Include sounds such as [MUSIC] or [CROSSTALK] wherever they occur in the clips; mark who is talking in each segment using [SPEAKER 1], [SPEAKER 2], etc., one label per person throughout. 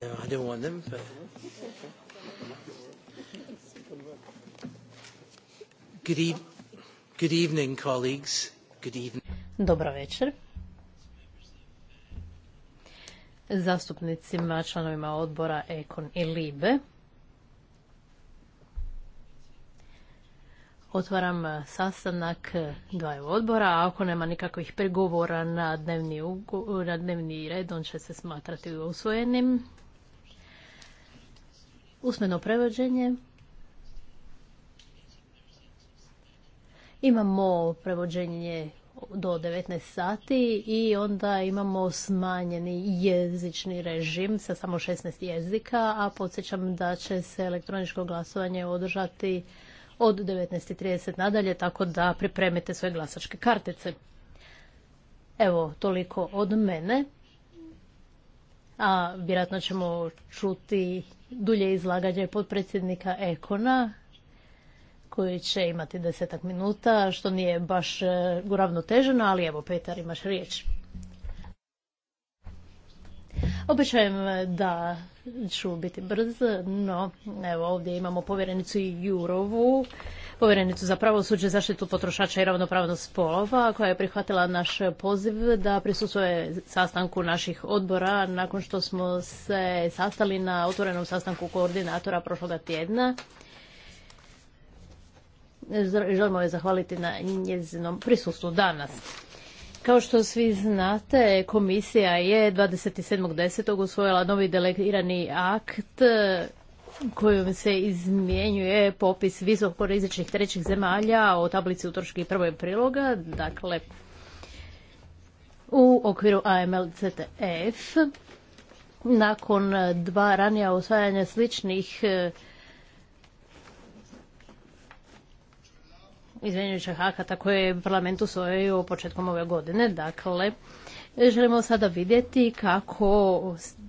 [SPEAKER 1] I
[SPEAKER 2] Dobro večer. Zastupnicima, članovima odbora Ekon i Libe. Otvaram sastanak dvaju odbora, a ako nema nikakvih pregovora na dnevni, na dnevni red, on će se smatrati usvojenim usmeno prevođenje. Imamo prevođenje do 19 sati i onda imamo smanjeni jezični režim sa samo 16 jezika, a podsjećam da će se elektroničko glasovanje održati od 19.30 nadalje, tako da pripremite svoje glasačke kartice. Evo, toliko od mene. A vjerojatno ćemo čuti dulje izlaganje potpredsjednika Ekona koji će imati desetak minuta, što nije baš e, uravnoteženo, ali evo, Petar, imaš riječ. Običajem e, da ću biti brz, no evo ovdje imamo povjerenicu Jurovu povjerenicu za pravosuđe, zaštitu potrošača i ravnopravnost spolova, koja je prihvatila naš poziv da prisustuje sastanku naših odbora nakon što smo se sastali na otvorenom sastanku koordinatora prošloga tjedna. Želimo je zahvaliti na njezinom prisustvu danas. Kao što svi znate, komisija je 27.10. usvojila novi delegirani akt kojom se izmjenjuje popis visokorizičnih trećih zemalja o tablici utroški prvoj priloga, dakle u okviru AMLCTF. Nakon dva ranija osvajanja sličnih e, izmjenjujućih akata koje je parlament usvojio početkom ove godine, dakle Želimo sada vidjeti kako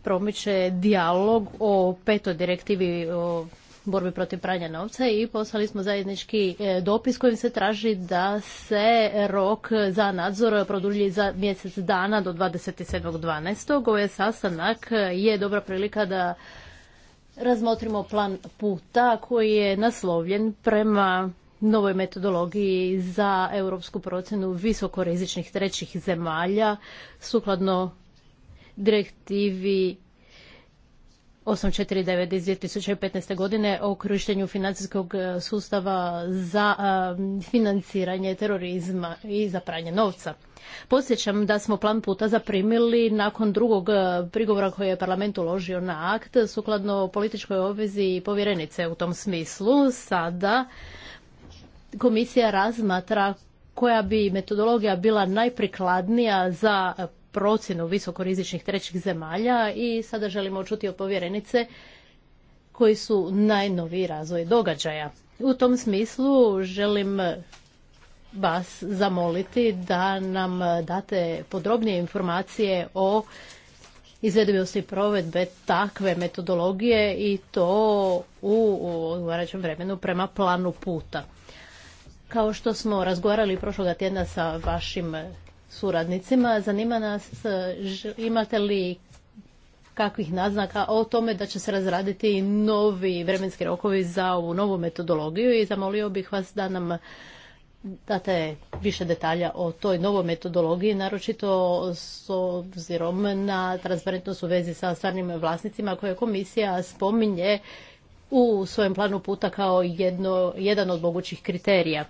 [SPEAKER 2] promiče dijalog o petoj direktivi o borbi protiv pranja novca i poslali smo zajednički e, dopis kojim se traži da se rok za nadzor produlji za mjesec dana do 27.12. Ovaj sastanak je dobra prilika da razmotrimo plan puta koji je naslovljen prema novoj metodologiji za europsku procjenu visokorizičnih trećih zemalja sukladno direktivi 849 iz 2015. godine o korištenju financijskog e, sustava za e, financiranje terorizma i za pranje novca. Podsjećam da smo plan puta zaprimili nakon drugog e, prigovora koji je parlament uložio na akt sukladno političkoj obvezi i povjerenice u tom smislu. Sada komisija razmatra koja bi metodologija bila najprikladnija za procjenu visokorizičnih trećih zemalja i sada želimo čuti od povjerenice koji su najnoviji razvoj događaja. U tom smislu želim vas zamoliti da nam date podrobnije informacije o izvedivosti provedbe takve metodologije i to u odgovarajućem vremenu prema planu puta. Kao što smo razgovarali prošloga tjedna sa vašim suradnicima, zanima nas e, imate li kakvih naznaka o tome da će se razraditi novi vremenski rokovi za ovu novu metodologiju i zamolio bih vas da nam date više detalja o toj novoj metodologiji, naročito s obzirom na transparentnost u vezi sa stvarnim vlasnicima koje komisija spominje u svojem planu puta kao jedno, jedan od mogućih kriterija.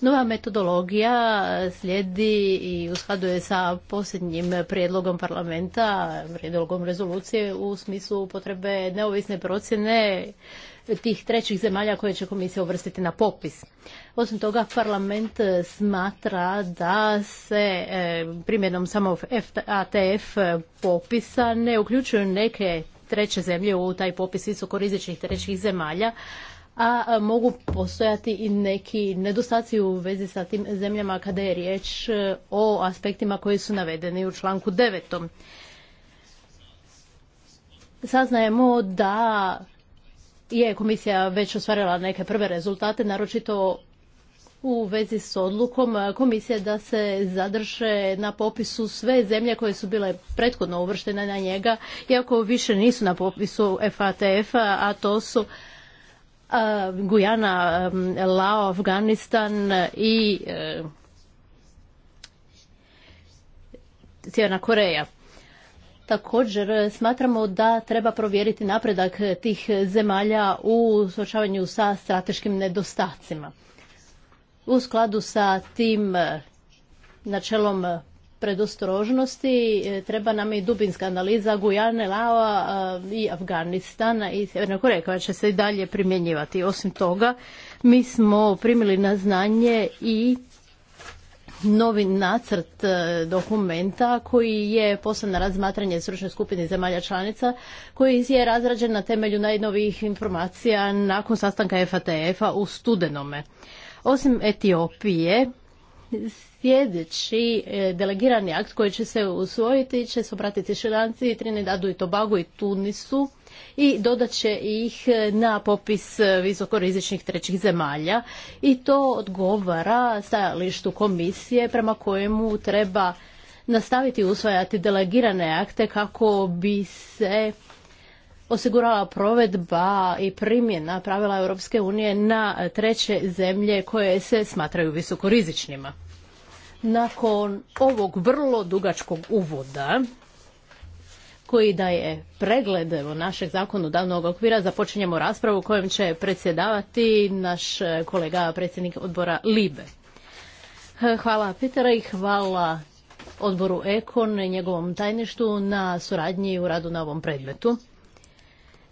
[SPEAKER 2] Nova metodologija slijedi i uskladuje sa posljednjim prijedlogom parlamenta, prijedlogom rezolucije u smislu potrebe neovisne procjene tih trećih zemalja koje će komisija uvrstiti na popis. Osim toga, parlament smatra da se eh, primjenom samo ATF popisa ne uključuju neke treće zemlje u taj popis visokorizičnih trećih zemalja, a mogu postojati i neki nedostaci u vezi sa tim zemljama kada je riječ e, o aspektima koji su navedeni u članku 9. Saznajemo da je komisija već ostvarila neke prve rezultate, naročito u vezi s odlukom komisije da se zadrže na popisu sve zemlje koje su bile prethodno uvrštene na njega, iako više nisu na popisu FATF-a, to su Gujana, Lao, Afganistan i e, Sjerna Koreja. Također smatramo da treba provjeriti napredak tih zemalja u suočavanju sa strateškim nedostacima u skladu sa tim e, načelom e, predostrožnosti e, treba nam i dubinska analiza Gujane, Lava i Afganistana i Sjeverne Koreje koja će se i dalje primjenjivati. Osim toga, mi smo primili na znanje i novi nacrt dokumenta koji je poslan na razmatranje stručne skupine zemalja članica koji je razrađen na temelju najnovijih informacija nakon sastanka FATF-a u studenome. Osim Etiopije, sljedeći e, delegirani akt koji će se usvojiti će se obratiti i Trinidadu i Tobagu i Tunisu i dodat će ih e, na popis e, visokorizičnih trećih zemalja i to odgovara stajalištu komisije prema kojemu treba nastaviti usvajati delegirane akte kako bi se osigurava provedba i primjena pravila Europske unije na treće zemlje koje se smatraju visokorizičnima. Nakon ovog vrlo dugačkog uvoda koji daje pregled evo, našeg zakonodavnog okvira započinjemo raspravu kojom će predsjedavati naš kolega predsjednik odbora Libe. Hvala Pitera i hvala odboru Ekon i njegovom tajništu na suradnji u radu na ovom predmetu.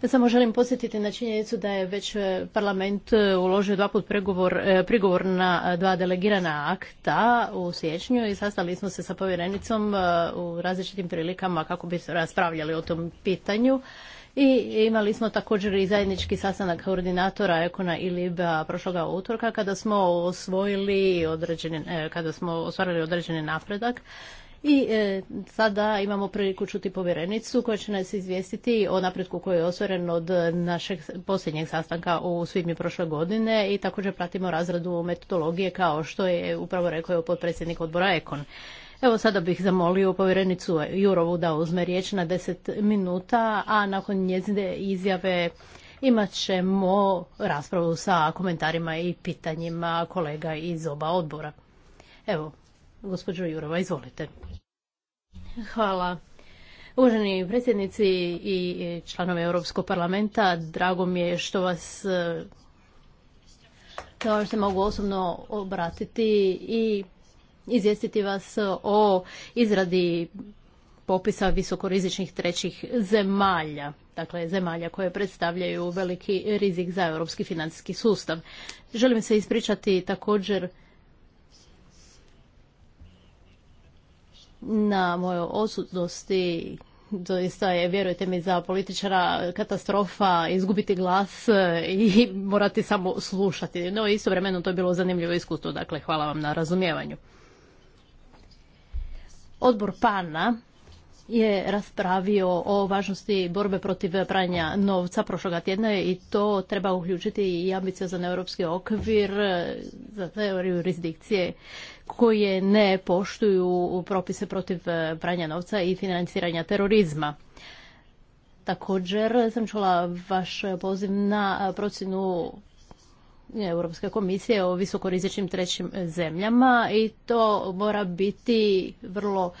[SPEAKER 2] Ja samo želim podsjetiti na činjenicu da je već e, parlament e, uložio dva put pregovor, e, prigovor na dva delegirana akta u siječnju i sastali smo se sa povjerenicom u različitim prilikama kako bi se raspravljali o tom pitanju. I imali smo također i zajednički sastanak koordinatora Ekona i Liba prošloga utorka kada smo osvojili određeni, kada smo ostvarili određeni napredak i e, sada imamo priliku čuti povjerenicu koja će nas izvijestiti o napretku koji je osvoren od našeg posljednjeg sastanka u svibnju prošle godine i također pratimo razradu metodologije kao što je upravo rekao potpredsjednik odbora Ekon. Evo sada bih zamolio povjerenicu Jurovu da uzme riječ na deset minuta, a nakon njezine izjave imat ćemo raspravu sa komentarima i pitanjima kolega iz oba odbora. Evo, Gospođo Jurova, izvolite. Hvala. Uvaženi predsjednici i članovi Europskog parlamenta, drago mi je što vas kao se mogu osobno obratiti i izvijestiti vas o izradi popisa visokorizičnih trećih zemalja, dakle zemalja koje predstavljaju veliki rizik za europski financijski sustav. Želim se ispričati također na mojoj odsutnosti doista je, vjerujte mi, za političara katastrofa izgubiti glas e, i morati samo slušati. No, istovremeno to je bilo zanimljivo iskustvo, dakle hvala vam na razumijevanju. Odbor PANA je raspravio o važnosti borbe protiv pranja novca prošloga tjedna i to treba uključiti i za europski okvir e, za teoriju jurisdikcije koje ne poštuju propise protiv e, pranja novca i financiranja terorizma. Također sam čula vaš poziv na procjenu Europske komisije o visokorizičnim trećim zemljama i to mora biti vrlo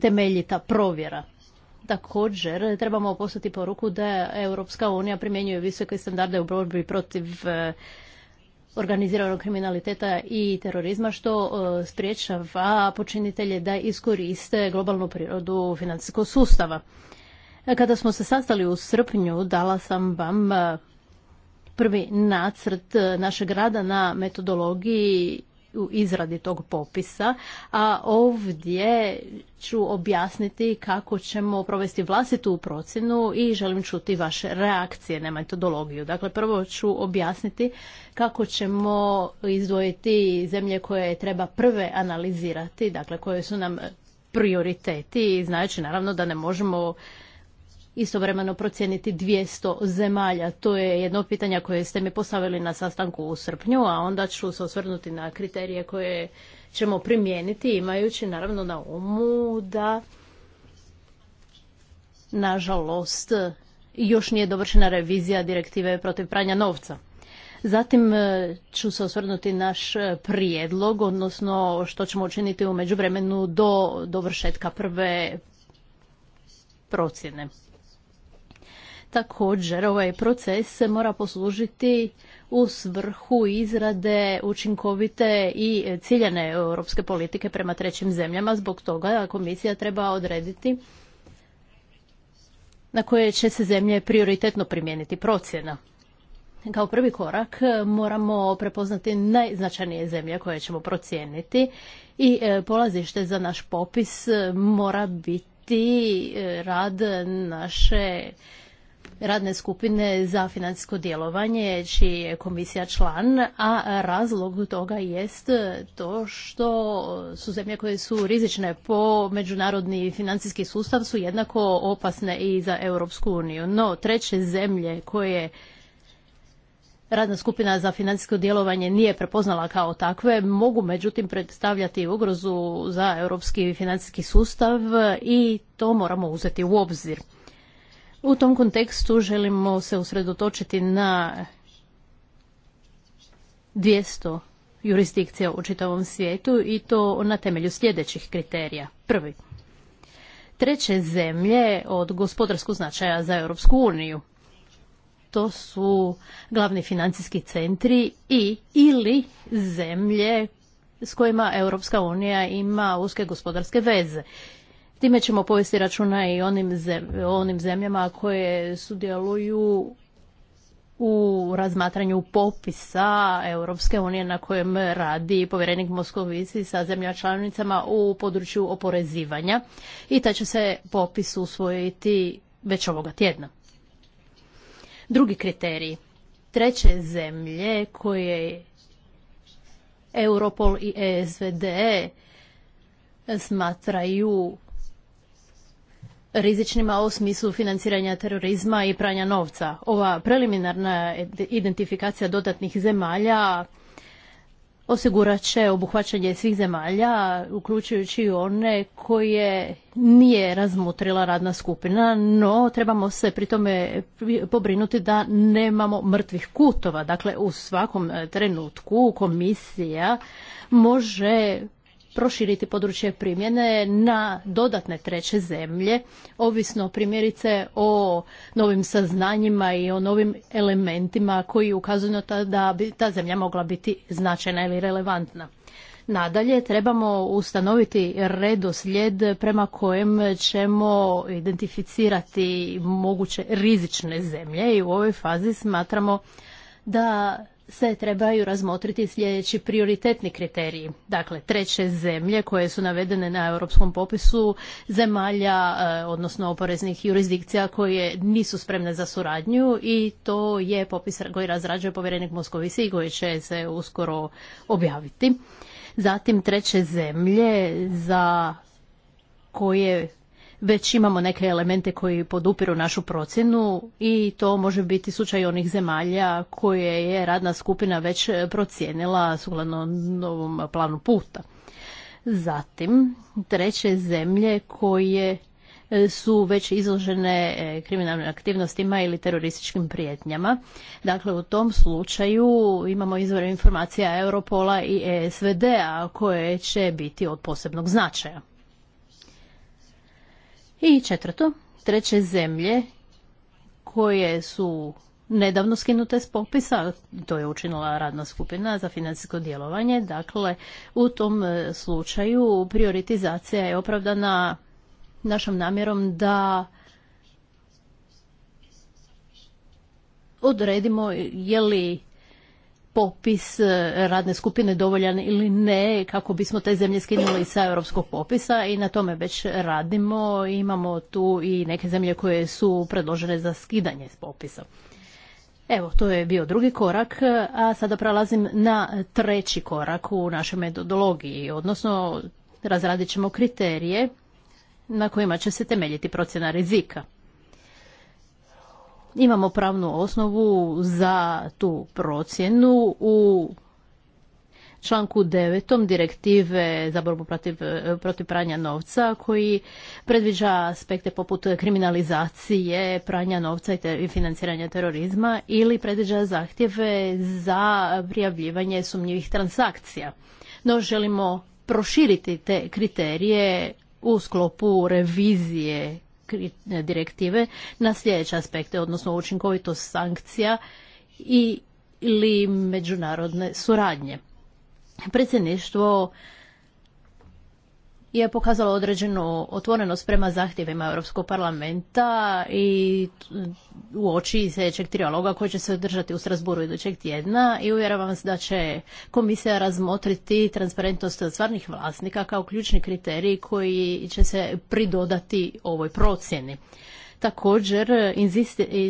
[SPEAKER 2] temeljita provjera. Također trebamo poslati poruku da Europska unija primjenjuje visoke standarde u borbi protiv e, organiziranog kriminaliteta i terorizma što e, spriječava počinitelje da iskoriste globalnu prirodu financijskog sustava. E, kada smo se sastali u srpnju, dala sam vam e, prvi nacrt našeg rada na metodologiji u izradi tog popisa, a ovdje ću objasniti kako ćemo provesti vlastitu procjenu i želim čuti vaše reakcije na metodologiju. Dakle, prvo ću objasniti kako ćemo izdvojiti zemlje koje treba prve analizirati, dakle koje su nam prioriteti i naravno da ne možemo istovremeno procijeniti 200 zemalja? To je jedno pitanje koje ste mi postavili na sastanku u srpnju, a onda ću se osvrnuti na kriterije koje ćemo primijeniti imajući naravno na umu da nažalost još nije dovršena revizija direktive protiv pranja novca. Zatim e, ću se osvrnuti naš prijedlog, odnosno što ćemo učiniti u međuvremenu do dovršetka prve procjene. Također, ovaj proces se mora poslužiti u svrhu izrade učinkovite i ciljene europske politike prema trećim zemljama. Zbog toga komisija treba odrediti na koje će se zemlje prioritetno primijeniti procjena. Kao prvi korak moramo prepoznati najznačajnije zemlje koje ćemo procijeniti i e, polazište za naš popis mora biti e, rad naše radne skupine za financijsko djelovanje, čiji je komisija član, a razlog toga jest to što su zemlje koje su rizične po međunarodni financijski sustav su jednako opasne i za Europsku uniju. No, treće zemlje koje radna skupina za financijsko djelovanje nije prepoznala kao takve, mogu međutim predstavljati ugrozu za europski financijski sustav i to moramo uzeti u obzir. U tom kontekstu želimo se usredotočiti na 200 jurisdikcija u čitavom svijetu i to na temelju sljedećih kriterija. Prvi, treće zemlje od gospodarskog značaja za Europsku uniju. To su glavni financijski centri i ili zemlje s kojima Europska unija ima uske gospodarske veze. Time ćemo povesti računa i onim, zemljama, onim zemljama koje sudjeluju u razmatranju popisa Europske unije na kojem radi povjerenik Moskovici sa zemlja članicama u području oporezivanja i taj će se popis usvojiti već ovoga tjedna. Drugi kriterij. Treće zemlje koje Europol i ESVD e smatraju rizičnima u smislu financiranja terorizma i pranja novca. Ova preliminarna identifikacija dodatnih zemalja osigurat će obuhvaćanje svih zemalja, uključujući i one koje nije razmutrila radna skupina, no trebamo se pri tome pobrinuti da nemamo mrtvih kutova. Dakle, u svakom trenutku komisija može proširiti područje primjene na dodatne treće zemlje, ovisno primjerice o novim saznanjima i o novim elementima koji ukazuju na da bi ta zemlja mogla biti značajna ili relevantna. Nadalje, trebamo ustanoviti redoslijed prema kojem ćemo identificirati moguće rizične zemlje i u ovoj fazi smatramo da se trebaju razmotriti sljedeći prioritetni kriteriji. Dakle, treće zemlje koje su navedene na europskom popisu zemalja, e, odnosno oporeznih jurisdikcija koje nisu spremne za suradnju i to je popis koji razrađuje povjerenik Moskovisi i koji će se uskoro objaviti. Zatim treće zemlje za koje već imamo neke elemente koji podupiru našu procjenu i to može biti slučaj onih zemalja koje je radna skupina već procijenila sukladno novom planu puta. Zatim, treće zemlje koje su već izložene e, kriminalnim aktivnostima ili terorističkim prijetnjama. Dakle, u tom slučaju imamo izvore informacija Europola i e SVD-a koje će biti od posebnog značaja. I četvrto, treće zemlje koje su nedavno skinute s popisa, to je učinila radna skupina za financijsko djelovanje, dakle u tom e, slučaju prioritizacija je opravdana našom namjerom da odredimo je li popis e, radne skupine dovoljan ili ne kako bismo te zemlje skinuli sa europskog popisa i na tome već radimo. Imamo tu i neke zemlje koje su predložene za skidanje s popisa. Evo, to je bio drugi korak, a sada prelazim na treći korak u našoj metodologiji, odnosno razradit ćemo kriterije na kojima će se temeljiti procjena rizika imamo pravnu osnovu za tu procjenu u članku 9. direktive za borbu protiv, pranja novca koji predviđa aspekte poput kriminalizacije pranja novca i, i financiranja terorizma ili predviđa zahtjeve za prijavljivanje sumnjivih transakcija. No želimo proširiti te kriterije u sklopu revizije direktive na sljedeće aspekte, odnosno učinkovitost sankcija i ili međunarodne suradnje. Predsjedništvo je pokazalo određenu otvorenost prema zahtjevima Europskog parlamenta i u oči sljedećeg trijaloga koji će se održati u Strasburu idućeg tjedna i uvjeravam vas da će komisija razmotriti transparentnost stvarnih vlasnika kao ključni kriterij koji će se pridodati ovoj procjeni. Također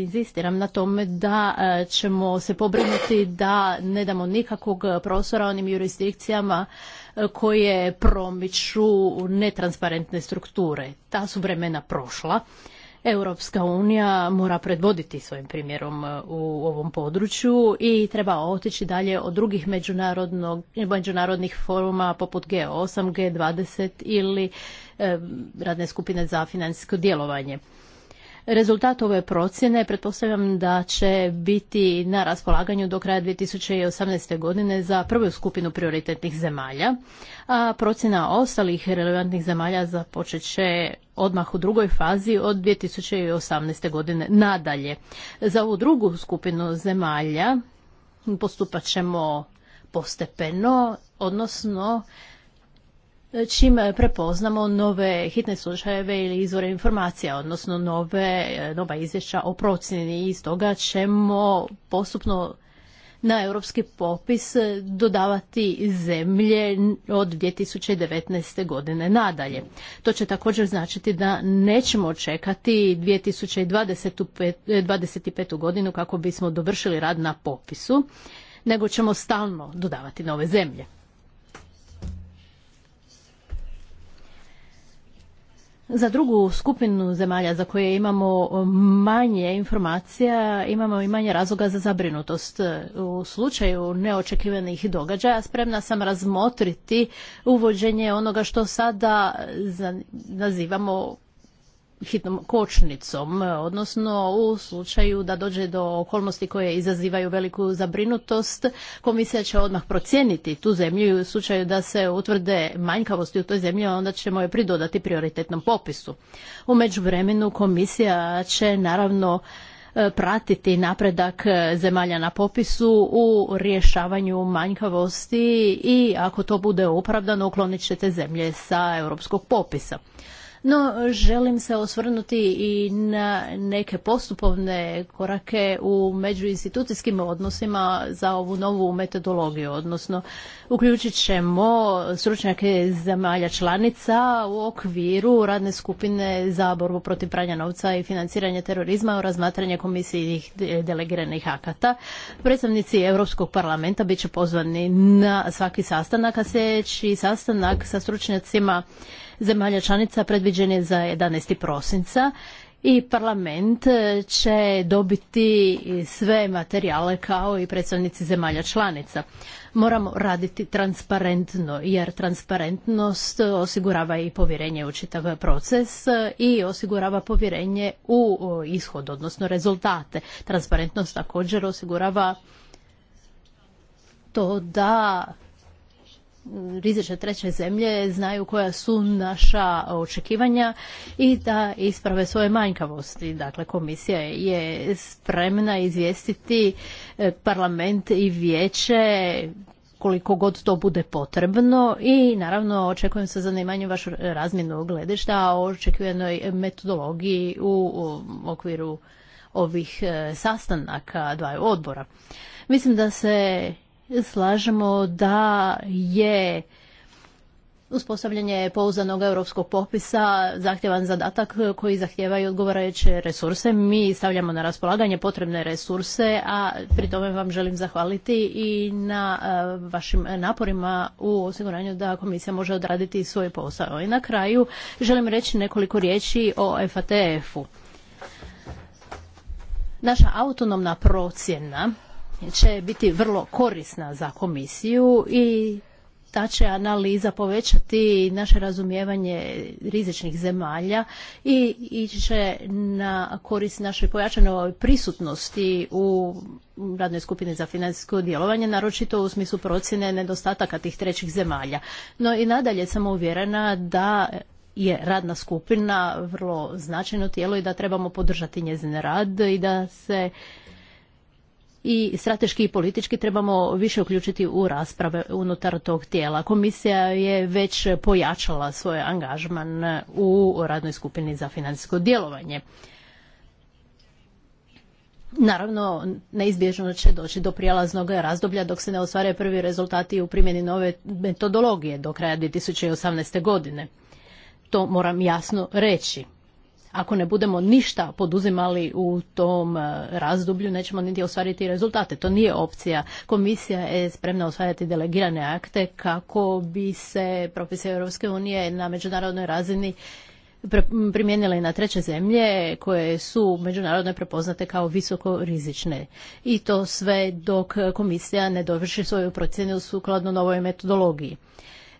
[SPEAKER 2] inzistiram na tome da e, ćemo se pobrinuti da ne damo nikakvog prostora onim jurisdikcijama koje promiču netransparentne strukture. Ta su vremena prošla. Europska unija mora predvoditi svojim primjerom e, u ovom području i treba otići dalje od drugih međunarodnih foruma poput G8, G20 ili e, radne skupine za financijsko djelovanje. Rezultat ove procjene pretpostavljam da će biti na raspolaganju do kraja 2018. godine za prvu skupinu prioritetnih zemalja, a procjena ostalih relevantnih zemalja započet će odmah u drugoj fazi od 2018. godine nadalje. Za ovu drugu skupinu zemalja postupat ćemo postepeno, odnosno čim prepoznamo nove hitne slučajeve ili izvore informacija, odnosno nove, nova izvješća o procjeni i toga, ćemo postupno na europski popis dodavati zemlje od 2019. godine nadalje. To će također značiti da nećemo čekati 2025. godinu kako bismo dovršili rad na popisu, nego ćemo stalno dodavati nove zemlje. Za drugu skupinu zemalja za koje imamo e, manje informacija, imamo i manje razloga za zabrinutost. E, u slučaju neočekivanih događaja spremna sam razmotriti uvođenje onoga što sada nazivamo hitnom kočnicom, odnosno u slučaju da dođe do okolnosti koje izazivaju veliku zabrinutost, komisija će odmah procijeniti tu zemlju i u slučaju da se utvrde manjkavosti u toj zemlji, onda ćemo je pridodati prioritetnom popisu. U međuvremenu komisija će naravno e, pratiti napredak e, zemalja na popisu u rješavanju manjkavosti i ako to bude opravdano uklonit će zemlje sa europskog popisa. No, želim se osvrnuti i na neke postupovne korake u međuinstitucijskim odnosima za ovu novu metodologiju, odnosno uključit ćemo stručnjake zemalja članica u okviru radne skupine za borbu protiv pranja novca i financiranje terorizma u razmatranje komisijih delegiranih akata. Predstavnici Europskog parlamenta bit će pozvani na svaki sastanak, a sljedeći sastanak sa stručnjacima zemalja članica predviđen je za 11. prosinca i parlament e, će dobiti sve materijale kao i predstavnici zemalja članica. Moramo raditi transparentno jer transparentnost osigurava i povjerenje u čitav proces i osigurava povjerenje u ishod, odnosno rezultate. Transparentnost također osigurava to da rizične treće zemlje znaju koja su naša očekivanja i da isprave svoje manjkavosti. Dakle, komisija je spremna izvijestiti e, parlament i vijeće koliko god to bude potrebno i naravno očekujem sa zanimanjem vašu razmjenu gledišta o očekivanoj metodologiji u okviru ovih e, sastanaka dvaju odbora. Mislim da se slažemo da je uspostavljanje pouzanog europskog popisa zahtjevan zadatak koji zahtjeva i odgovarajuće resurse. Mi stavljamo na raspolaganje potrebne resurse, a pri tome vam želim zahvaliti i na e, vašim naporima u osiguranju da komisija može odraditi svoj posao. I na kraju želim reći nekoliko riječi o FATF-u. Naša autonomna procjena će biti vrlo korisna za komisiju i ta će analiza povećati naše razumijevanje rizičnih zemalja i ići će na korist našoj pojačanoj prisutnosti u radnoj skupini za financijsko djelovanje, naročito u smislu procjene nedostataka tih trećih zemalja. No i nadalje sam uvjerena da je radna skupina vrlo značajno tijelo i da trebamo podržati njezin rad i da se i strateški i politički trebamo više uključiti u rasprave unutar tog tijela. Komisija je već pojačala svoj angažman u radnoj skupini za financijsko djelovanje. Naravno, neizbježno će doći do prijelaznog razdoblja dok se ne ostvare prvi rezultati u primjeni nove metodologije do kraja 2018. godine. To moram jasno reći. Ako ne budemo ništa poduzimali u tom e, razdoblju, nećemo niti ostvariti rezultate. To nije opcija. Komisija je spremna osvajati delegirane akte kako bi se propise Europske unije na međunarodnoj razini i na treće zemlje koje su međunarodno prepoznate kao visoko rizične. I to sve dok komisija ne dovrši svoju procjenu sukladno novoj metodologiji.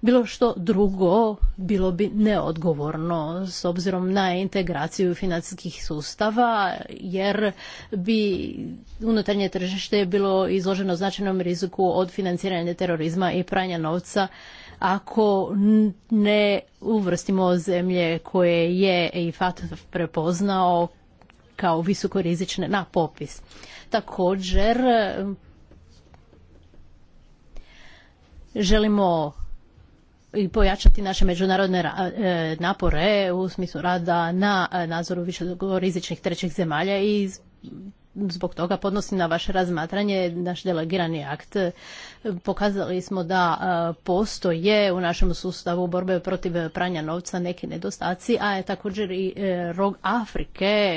[SPEAKER 2] Bilo što drugo bilo bi neodgovorno s obzirom na integraciju financijskih sustava jer bi unutarnje tržište bilo izloženo značajnom riziku od financiranja terorizma i pranja novca ako ne uvrstimo zemlje koje je i FATF prepoznao kao visokorizične na popis. Također želimo i pojačati naše međunarodne e, napore u smislu rada na e, nadzoru više rizičnih trećih zemalja i zbog toga podnosim na vaše razmatranje naš delegirani akt. Pokazali smo da e, postoje u našem sustavu borbe protiv pranja novca neki nedostaci, a je također i rog Afrike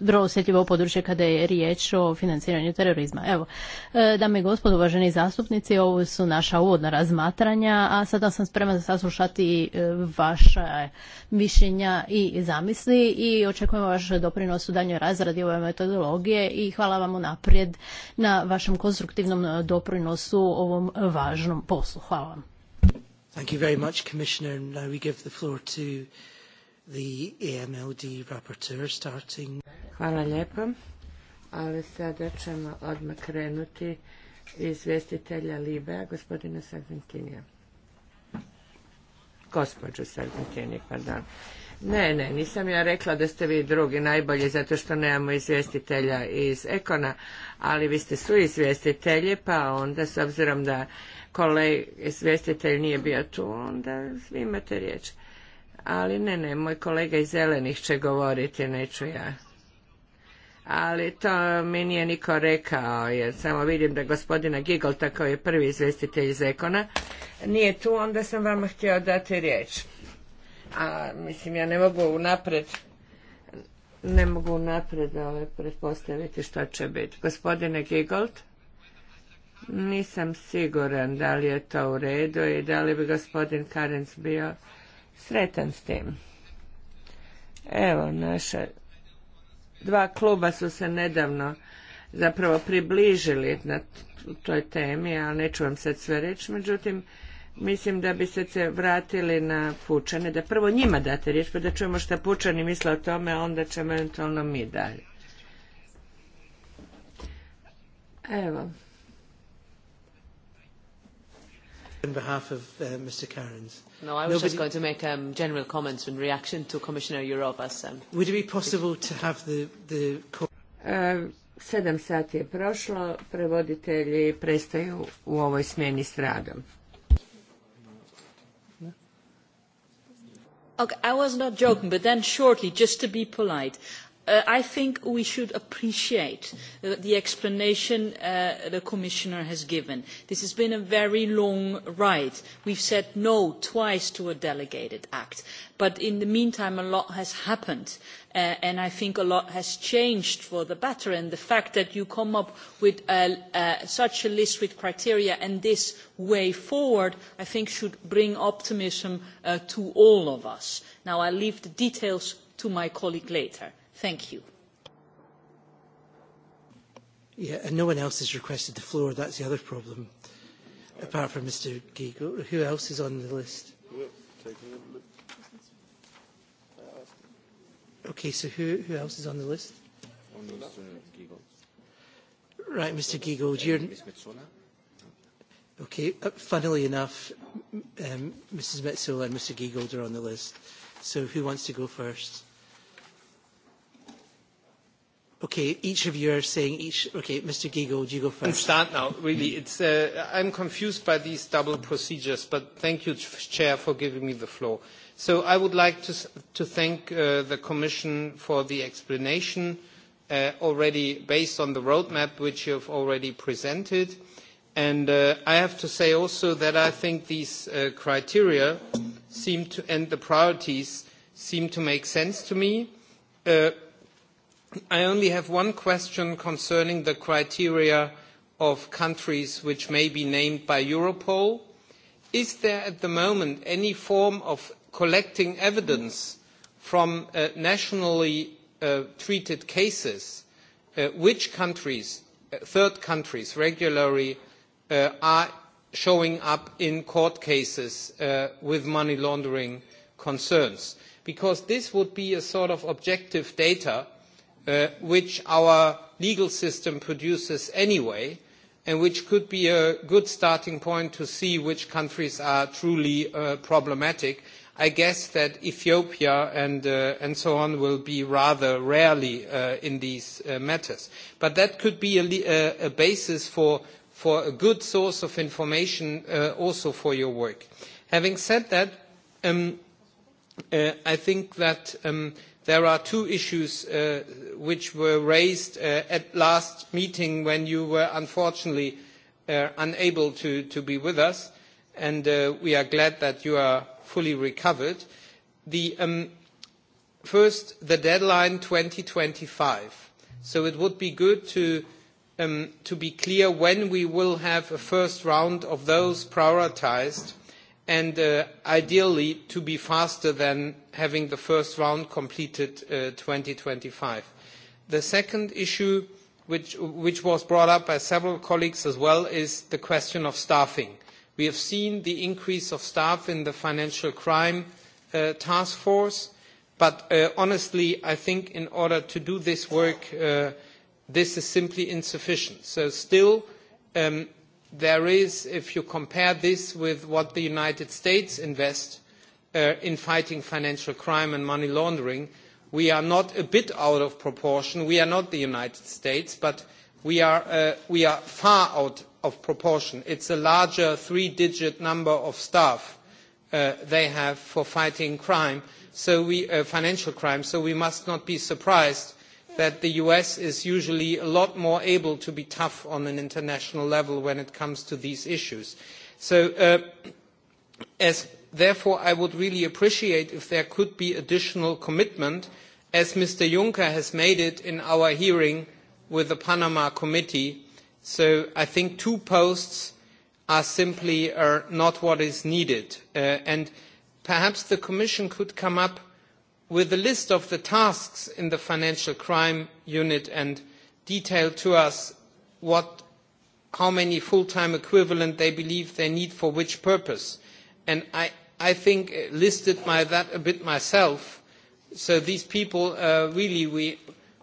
[SPEAKER 2] vrlo osjetljivo područje kada je riječ o financiranju terorizma. Evo, e, dame i gospodo, uvaženi zastupnici, ovo su naša uvodna razmatranja, a sada sam spremna saslušati e, vaše mišljenja i zamisli i očekujemo vaš doprinos u daljnjoj razradi ove metodologije i hvala vam unaprijed na vašem konstruktivnom doprinosu ovom važnom poslu. Hvala vam.
[SPEAKER 1] Thank you very much, Commissioner. Now we give the floor to Hvala lijepo. Ali sada ćemo odmah krenuti
[SPEAKER 3] izvjestitelja Libe, gospodina Sargentinija. Gospođu Sargentinija, pardon. Ne, ne, nisam ja rekla da ste vi drugi najbolji zato što nemamo izvjestitelja iz Ekona, ali vi ste su izvjestitelji, pa onda s obzirom da kolej izvjestitelj nije bio tu, onda vi imate riječ ali ne, ne, moj kolega iz Zelenih će govoriti, neću ja. Ali to mi nije niko rekao, jer samo vidim da gospodina Gigolta, koji je prvi izvjestitelj iz Ekona, nije tu, onda sam vam htio dati riječ. A, mislim, ja ne mogu unapred ne mogu unapred ovaj, pretpostaviti što će biti. Gospodine Gigold, nisam siguran da li je to u redu i da li bi gospodin Karenc bio sretan s tim. Evo, naša dva kluba su se nedavno zapravo približili na toj temi, ali neću vam sad sve reći, međutim, mislim da bi se vratili na pučane, da prvo njima date riječ, pa da čujemo šta pučani misle o tome, a onda ćemo eventualno mi dalje. Evo.
[SPEAKER 1] On behalf of uh, Mr. Karens. No, I was Nobody... just going
[SPEAKER 4] to make um, general comments in reaction to Commissioner Europas. Um...
[SPEAKER 1] Would it be possible to have the...
[SPEAKER 3] the... Uh, sedam sati je prošlo, prevoditelji prestaju
[SPEAKER 4] u ovoj smjeni s radom. Okay, I was not joking, but then shortly, just to be polite. Uh, I think we should appreciate uh, the explanation uh, the Commissioner has given. This has been a very long ride. We've said no twice to a delegated act. But in the meantime, a lot has happened. and I think a lot has changed for the better. And the fact that you come up with such a list with criteria and this way forward, I think should bring optimism to all of us. Now, I leave the details to my colleague later. Thank you.
[SPEAKER 1] Yeah, and no one else has requested the floor. That's the other problem, apart from Mr. Giegel. Who else is on the list? Okay, so who, who else is on the list? Only Right, Mr. Giegold, you're... Okay, uh, funnily enough, um, Mrs. Metsola and Mr. Giegold are on the list. So who wants to go first?
[SPEAKER 5] Okay, each of you are saying each. Okay, Mr. Giegel, you go first. Start now. Really, it's. Uh, I'm confused by these double procedures, but thank you, Chair, for giving me the floor. So I would like to to thank uh, the Commission for the explanation uh, already based on the roadmap which you have already presented, and I have to say also that I think these criteria seem to and the priorities seem to make sense to me. I only have one question concerning the criteria of countries which may be named by Europol. Is there at the moment any form of collecting evidence from uh, nationally uh, treated cases uh, which countries, third countries, regularly are showing up in court cases with money laundering concerns? Because this would be a sort of objective data Uh, which our legal system produces anyway and which could be a good starting point to see which countries are truly uh, problematic. I guess that Ethiopia uh, and, so on will be rather rarely in these matters. But that could be a, a basis for, a good source of information also for your work. Having said that, um, I think that um, there are two issues uh, which were raised uh, at last meeting when you were unfortunately uh, unable to, to be with us and we are glad that you are fully recovered. The, um, first, the deadline 2025. So it would be good to, um, to be clear when we will have a first round of those prioritized – and uh, ideally to be faster than having the first round completed uh, twenty 2025. The second issue, which, which was brought up by several colleagues as well, is the question of staffing. We have seen the increase of staff in the financial crime uh, task force, but honestly, I think in order to do this work, this is simply insufficient. So still, um, there is, if you compare this with what the United States invests uh, in fighting financial crime and money laundering, we are not a bit out of proportion. We are not the United States, but we are, uh, we are far out of proportion. It's a larger three-digit number of staff uh, they have for fighting crime, so we, financial crime, so we must not be surprised that the us is usually a lot more able to be tough on an international level when it comes to these issues. Uh, therefore i would really appreciate if there could be additional commitment as mr juncker has made it in our hearing with the panama committee so i think two posts are simply uh, not what is needed uh, and perhaps the commission could come up with a list of the tasks in the financial crime unit and detail to us what how many full time equivalent they believe they need for which purpose and i i think uh, listed my that a bit myself so these people uh, really we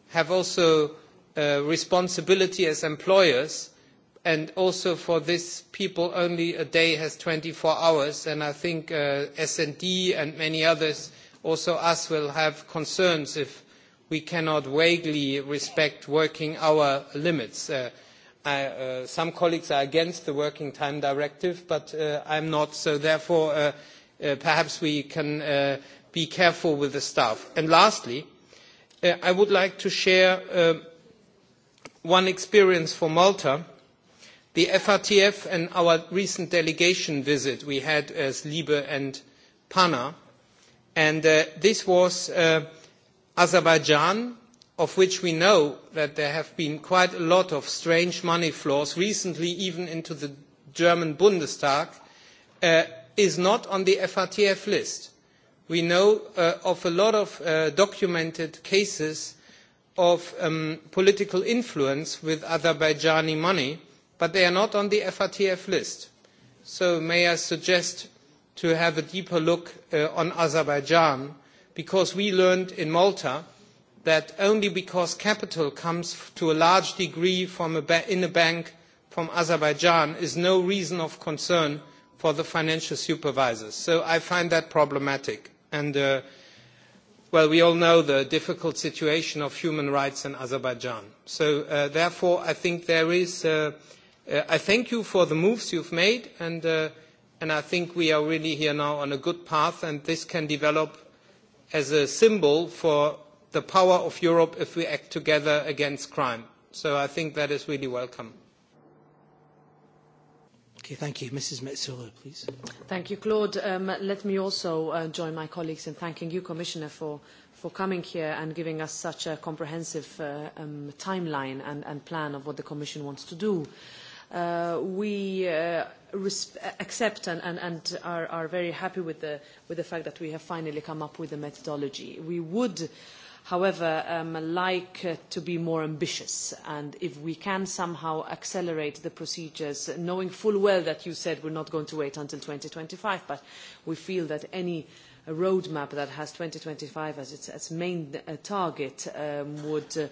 [SPEAKER 5] have also a uh, responsibility as employers and also for these people only a day has twenty four hours and i think uh, D and many others also us will have concerns if we cannot vaguely respect working hour limits. Uh, uh, some colleagues are against the working time directive, but uh, I am not, so therefore perhaps we can be careful with the staff. And lastly, I would like to share one experience for Malta. The FRTF and our recent delegation visit we had as Liebe and Pana and uh, this was uh, Azerbaijan, of which we know that there have been quite a lot of strange money flows recently, even into the German Bundestag, uh, is not on the FRTF list. We know uh, of a lot of uh, documented cases of um, political influence with Azerbaijani money, but they are not on the FRTF list. So may I suggest to have a deeper look uh, on Azerbaijan because we learned in Malta that only because capital comes to a large degree from a in a bank from Azerbaijan is no reason of concern for the financial supervisors. So I find that problematic. And, uh, well, we all know the difficult situation of human rights in Azerbaijan. So, uh, therefore, I think there is... I thank you for the moves you've made, and and I think we are really here now on a good path and this can develop as a symbol for the power of Europe if we act together against crime. So I think that is really welcome.
[SPEAKER 1] Okay, thank you. Mrs. please.
[SPEAKER 4] Thank you, Claude. Um, let me also uh, join my colleagues in thanking you, Commissioner, for, for coming here and giving us such a comprehensive uh, um, timeline and, and plan of what the Commission wants to do. Uh, we uh, accept and, and, and are, are very happy with the, with the fact that we have finally come up with a methodology. We would, however, um, like uh, to be more ambitious, and if we can somehow accelerate the procedures, knowing full well that you said we're not going to wait until 2025, but we feel that any roadmap that has 2025 as its as main target um, would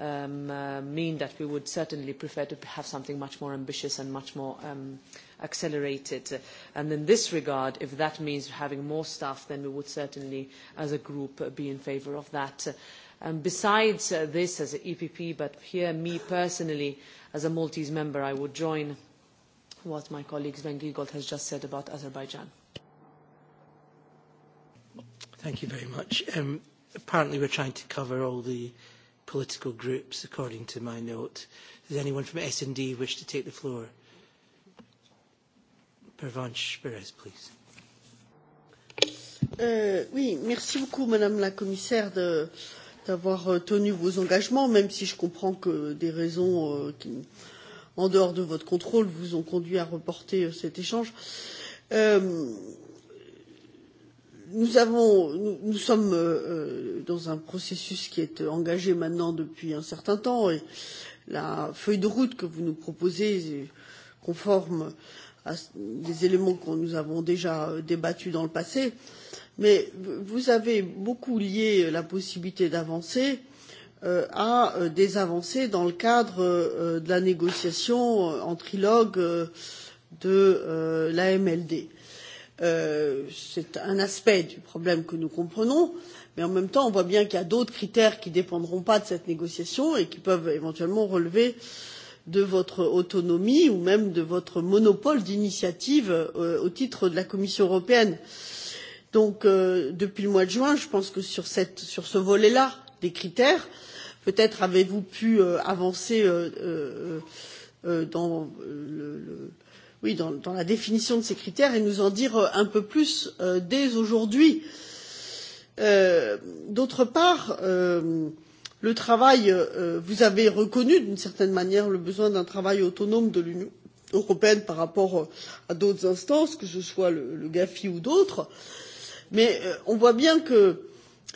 [SPEAKER 4] um, uh, mean that we would certainly prefer to have something much more ambitious and much more um, accelerated. And in this regard, if that means having more staff, then we would certainly, as a group, uh, be in favour of that. Um, besides uh, this, as an EPP, but here me personally, as a Maltese member, I would join what my colleague Sven Giegold has just said about Azerbaijan.
[SPEAKER 1] Thank you very much. Um, apparently we're trying to cover all the political groups, according to my note. Does anyone from S&D wish to take the floor? Pervanche Perez, please.
[SPEAKER 6] Euh, oui, merci beaucoup, Madame la Commissaire, d'avoir euh, tenu vos engagements, même si je comprends que des raisons euh, qui, en dehors de votre contrôle, vous ont conduit à reporter euh, cet échange. Euh, nous avons nous, nous sommes euh, euh dans un processus qui est euh, engagé maintenant depuis un certain temps et la feuille de route que vous nous proposez est conforme à des éléments que nous avons déjà euh, débattus dans le passé mais vous avez beaucoup lié la possibilité d'avancer euh, à des avancées dans le cadre euh, de la négociation en trilogue de la MLD Euh, c'est un aspect du problème que nous comprenons mais en même temps on voit bien qu'il y a d'autres critères qui ne dépendront pas de cette négociation et qui peuvent éventuellement relever de votre autonomie ou même de votre monopole d'initiative euh, au titre de la commission européenne. donc euh, depuis le mois de juin je pense que sur, cette, sur ce volet là des critères peut être avez vous pu avancer dans le oui, dans, dans la définition de ces critères et nous en dire euh, un peu plus euh, dès aujourd'hui. Euh, D'autre part, euh, le travail, euh, vous avez reconnu d'une certaine manière le besoin d'un travail autonome de l'Union européenne par rapport euh, à d'autres instances, que ce soit le, le GAFI ou d'autres, mais euh, on voit bien que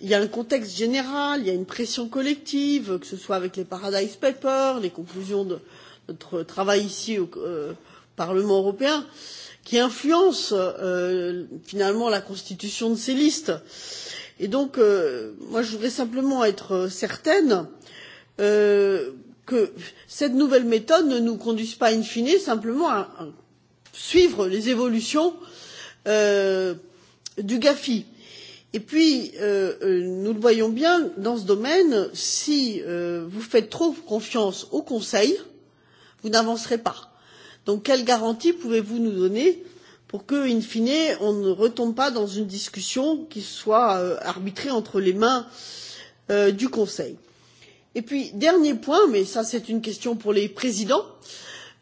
[SPEAKER 6] il y a un contexte général, il y a une pression collective, que ce soit avec les Paradise Papers, les conclusions de notre travail ici au, euh, Parlement européen qui influence euh, finalement la constitution de ces listes. Et donc, euh, moi, je voudrais simplement être euh, certaine euh, que cette nouvelle méthode ne nous conduise pas in fine simplement à, suivre les évolutions euh, du GAFI. Et puis, euh, nous le voyons bien, dans ce domaine, si vous faites trop confiance au Conseil, vous n'avancerez pas donc quelles garanties pouvez vous nous donner pour que in fine on ne retombe pas dans une discussion qui soit euh, arbitrée entre les mains euh, du conseil? et puis dernier point mais ça c'est une question pour les présidents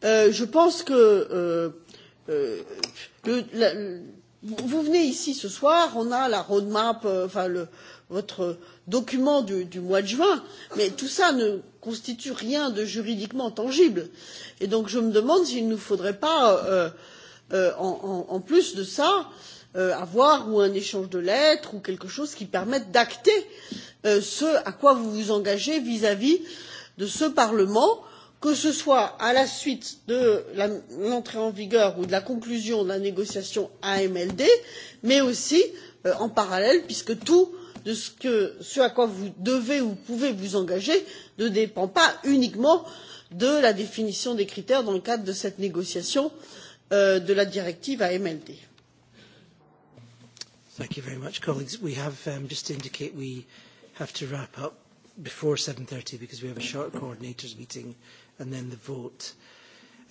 [SPEAKER 6] euh, je pense que vous venez ici ce soir on a la roadmap enfin le votre document du, du mois de juin mais tout cela ne constitue rien de juridiquement tangible et donc je me demande s'il ne faudrait pas euh, euh, en, en, en plus de cela euh, avoir ou un échange de lettres ou quelque chose qui permette d'acter euh, ce à quoi vous vous engagez vis à vis de ce parlement que ce soit à la suite de l'entrée en vigueur ou de la conclusion de la négociation amld mais aussi euh, en parallèle puisque tout de ce, que, ce à quoi vous devez ou pouvez vous engager ne dépend pas uniquement de la définition des critères dans le cadre de cette négociation euh, de la directive amld.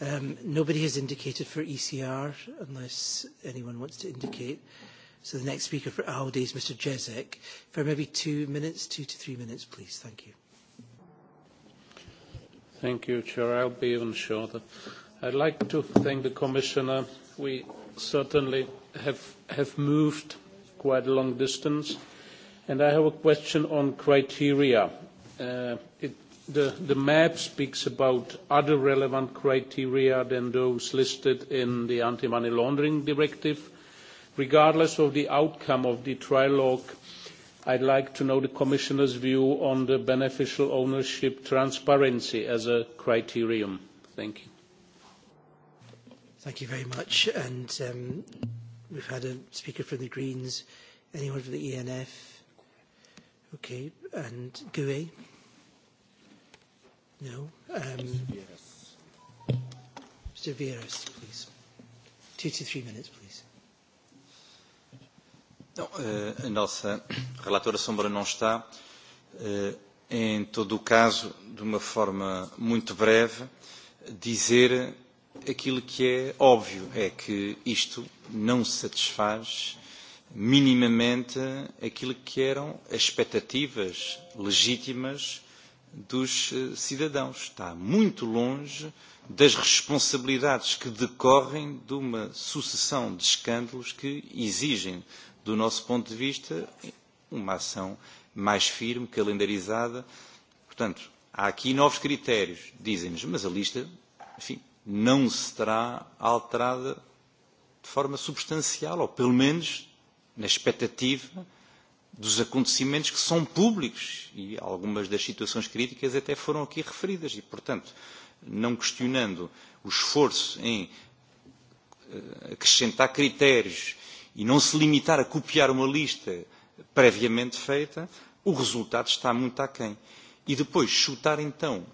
[SPEAKER 1] Um, um, nobody indicated ECR e unless anyone wants So the next speaker for ALDE is Mr. Jezek for maybe two minutes, two to three minutes, please. Thank you.
[SPEAKER 7] Thank you, Chair. I'll be even shorter. I'd like to thank the Commissioner. We certainly have, have moved quite a long distance. And I have a question on criteria. Uh, the, the map speaks about other relevant criteria than those listed in the anti-money laundering directive Regardless of the outcome of the trilogue, I'd like to know the Commissioner's view on the beneficial ownership transparency as a criterion. Thank you.
[SPEAKER 1] Thank you very much. And um, we've had a speaker from the Greens. Anyone from the ENF? Okay. And GUE? No. Um, Mr. Vieras, please. Two to three minutes, please.
[SPEAKER 8] Eh, a nossa relatora Sombra não está. Eh, em todo o caso, de uma forma muito breve, dizer aquilo que é óbvio, é que isto não satisfaz minimamente aquilo que eram as expectativas legítimas dos eh, cidadãos. Está muito longe das responsabilidades que decorrem de uma sucessão de escândalos que exigem do nosso ponto de vista, uma ação mais firme, calendarizada. Portanto, há aqui novos critérios, dizem-nos, mas a lista, enfim, não será alterada de forma substancial, ou pelo menos na expectativa dos acontecimentos que são públicos e algumas das situações críticas até foram aqui referidas e, portanto, não questionando o esforço em eh, acrescentar critérios e não se limitar a copiar uma lista previamente feita, o resultado está muito aquém. E depois chutar então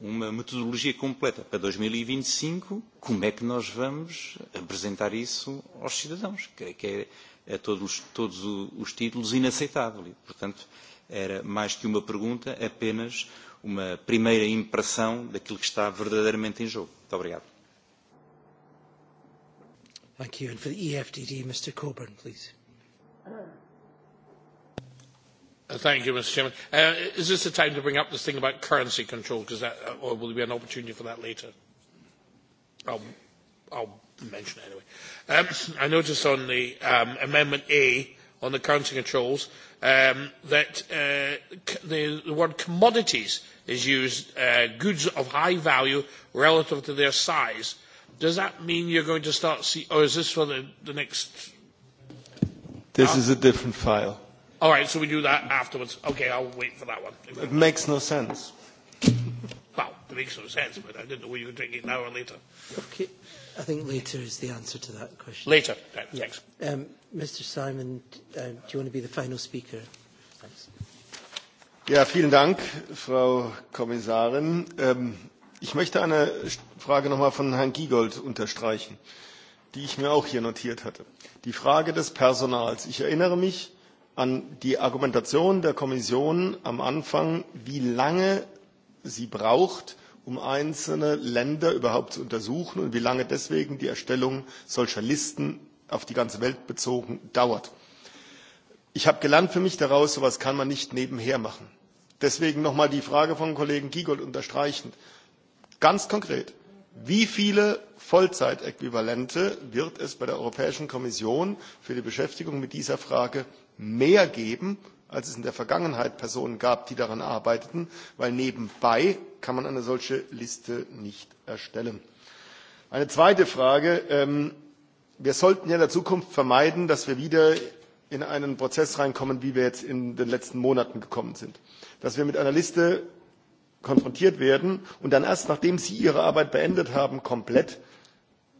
[SPEAKER 8] uma metodologia completa para 2025, e e como é que nós vamos apresentar isso aos cidadãos? Creio que é a todos, todos os títulos inaceitável. E, portanto, era mais que uma pergunta, apenas uma primeira impressão daquilo que está verdadeiramente em jogo. Muito obrigado.
[SPEAKER 7] Thank you. for the
[SPEAKER 1] e Mr. Coburn, please.
[SPEAKER 9] Uh,
[SPEAKER 7] thank you, Mr. Uh, is this the time to bring up this thing about currency control, because that, uh, or will there be an opportunity for that later? I'll, I'll mention it anyway. Um, [CLEARS THROAT] I noticed on the um, Amendment A on the currency controls um, that the, the word commodities is used, uh, goods of high value relative to their size Does that mean you're going to start see, or is this for the, the next?
[SPEAKER 10] This ah? is a different file.
[SPEAKER 7] All right, so we do that afterwards. Okay, I'll wait for that one. It makes
[SPEAKER 10] no sense.
[SPEAKER 7] Well, it makes no sense, but I didn't know where you were it now or later. Okay,
[SPEAKER 1] I think later is the answer to that question. Later, right, yeah. thanks. Um, Mr. Simon, uh, do you want to be the final speaker? Thanks.
[SPEAKER 10] Ja, vielen Dank, Frau Kommissarin. Ähm, Ich möchte eine Frage nochmal von Herrn Giegold unterstreichen, die ich mir auch hier notiert hatte. Die Frage des Personals. Ich erinnere mich an die Argumentation der Kommission am Anfang, wie lange sie braucht, um einzelne Länder überhaupt zu untersuchen und wie lange deswegen die Erstellung solcher Listen auf die ganze Welt bezogen dauert. Ich habe gelernt für mich daraus, so etwas kann man nicht nebenher machen. Deswegen noch einmal die Frage von Kollegen Giegold unterstreichend ganz konkret wie viele vollzeitäquivalente wird es bei der europäischen kommission für die beschäftigung mit dieser frage mehr geben als es in der vergangenheit personen gab die daran arbeiteten denn nebenbei kann man eine solche liste nicht erstellen. eine zweite frage ähm, wir sollten ja in der zukunft vermeiden dass wir wieder in einen prozess hineinkommen wie wir jetzt in den letzten monaten gekommen sind dass wir mit einer liste konfrontiert werden und dann erst nachdem sie ihre arbeit beendet haben komplett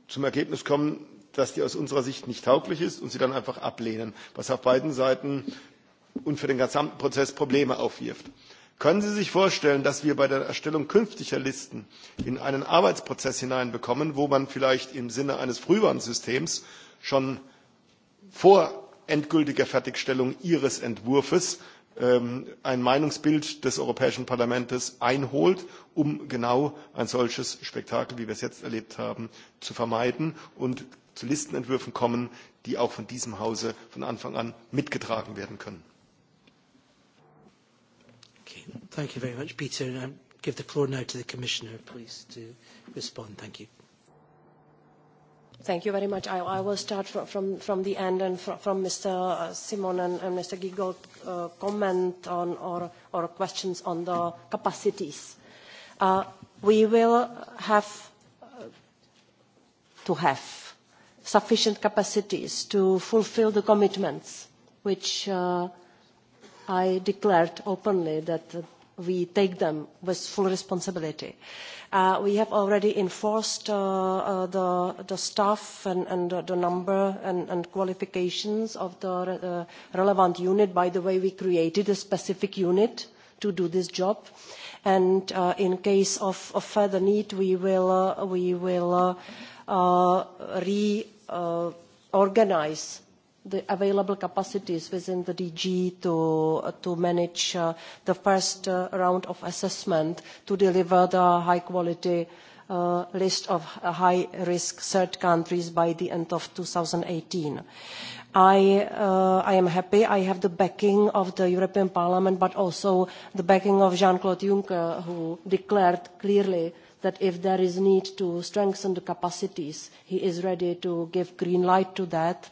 [SPEAKER 10] zum ergebnis kommen dass die aus unserer sicht nicht tauglich ist und sie dann einfach ablehnen was auf beiden seiten und für den gesamten prozess probleme aufwirft. können sie sich vorstellen dass wir bei der erstellung künftiger listen in einen arbeitsprozess hineinbekommen wo man vielleicht im sinne eines frühwarnsystems schon vor endgültiger fertigstellung ihres entwurfs Ähm, ein Meinungsbild des Europäischen Parlaments einholt, um genau ein solches Spektakel, wie wir es jetzt erlebt haben, zu vermeiden und zu Listenentwürfen kommen, die auch von diesem Hause von Anfang an mitgetragen werden können.
[SPEAKER 1] Okay, thank you very much, Peter. give the floor now to the Commissioner, please, to respond. Thank you.
[SPEAKER 11] Thank you very much. I, I will start from, from the end and from, from Mr. Uh, Simon and, Mr. Giegold uh, comment on or, questions on the capacities. Uh, we will have to have sufficient capacities to fulfil the commitments which I declared openly that we take them with full responsibility. Uh, we have already enforced uh, uh, the, staff and, the number and, qualifications of the relevant unit. by the way we created a specific unit to do this job and in case of, of further need we will, we will reorganise the available capacities within the dg to, manage uh, the first uh, round of assessment to deliver the high quality uh, list of high risk third countries by the end of. two thousand and eighteen i am happy i have the backing of the european parliament but also the backing of jean claude juncker who declared clearly that if there is a need to strengthen the capacities he is ready to give green light to that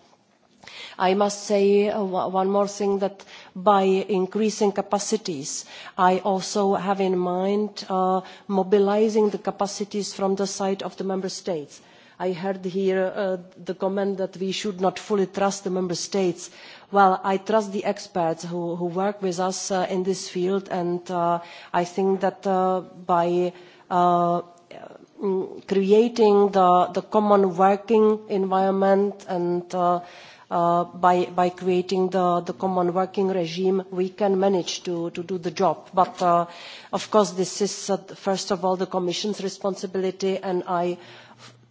[SPEAKER 11] i must say uh, one more thing that by increasing capacities i also have in mind uh, mobilising the capacities from the side of the member states. i heard here uh, the comment that we should not fully trust the member states. well i trust the experts who work with us in this field and i think that by mm, creating the common working environment and Uh, by, creating the, common working regime we can manage to, do the job. but uh, of course this is uh, first of all the commission's responsibility and i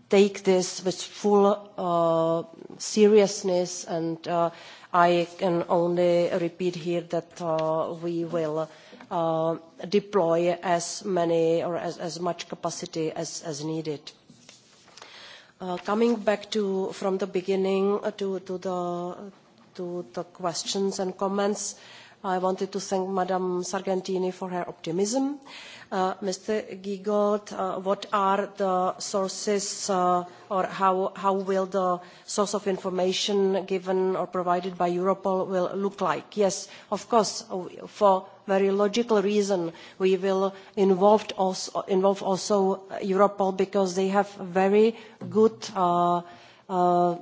[SPEAKER 11] take this with full seriousness and i can only repeat here that we will deploy as many or as, much capacity as needed. Uh, coming back to, from the beginning uh, to, the, questions and comments i wanted to thank ms sargentini for her optimism. Uh, mr giegold what are the sources or how, how will the source of information given or provided by europol look like? yes of course for very logical reason we will involve also, uh, europol because they have very good uh, uh,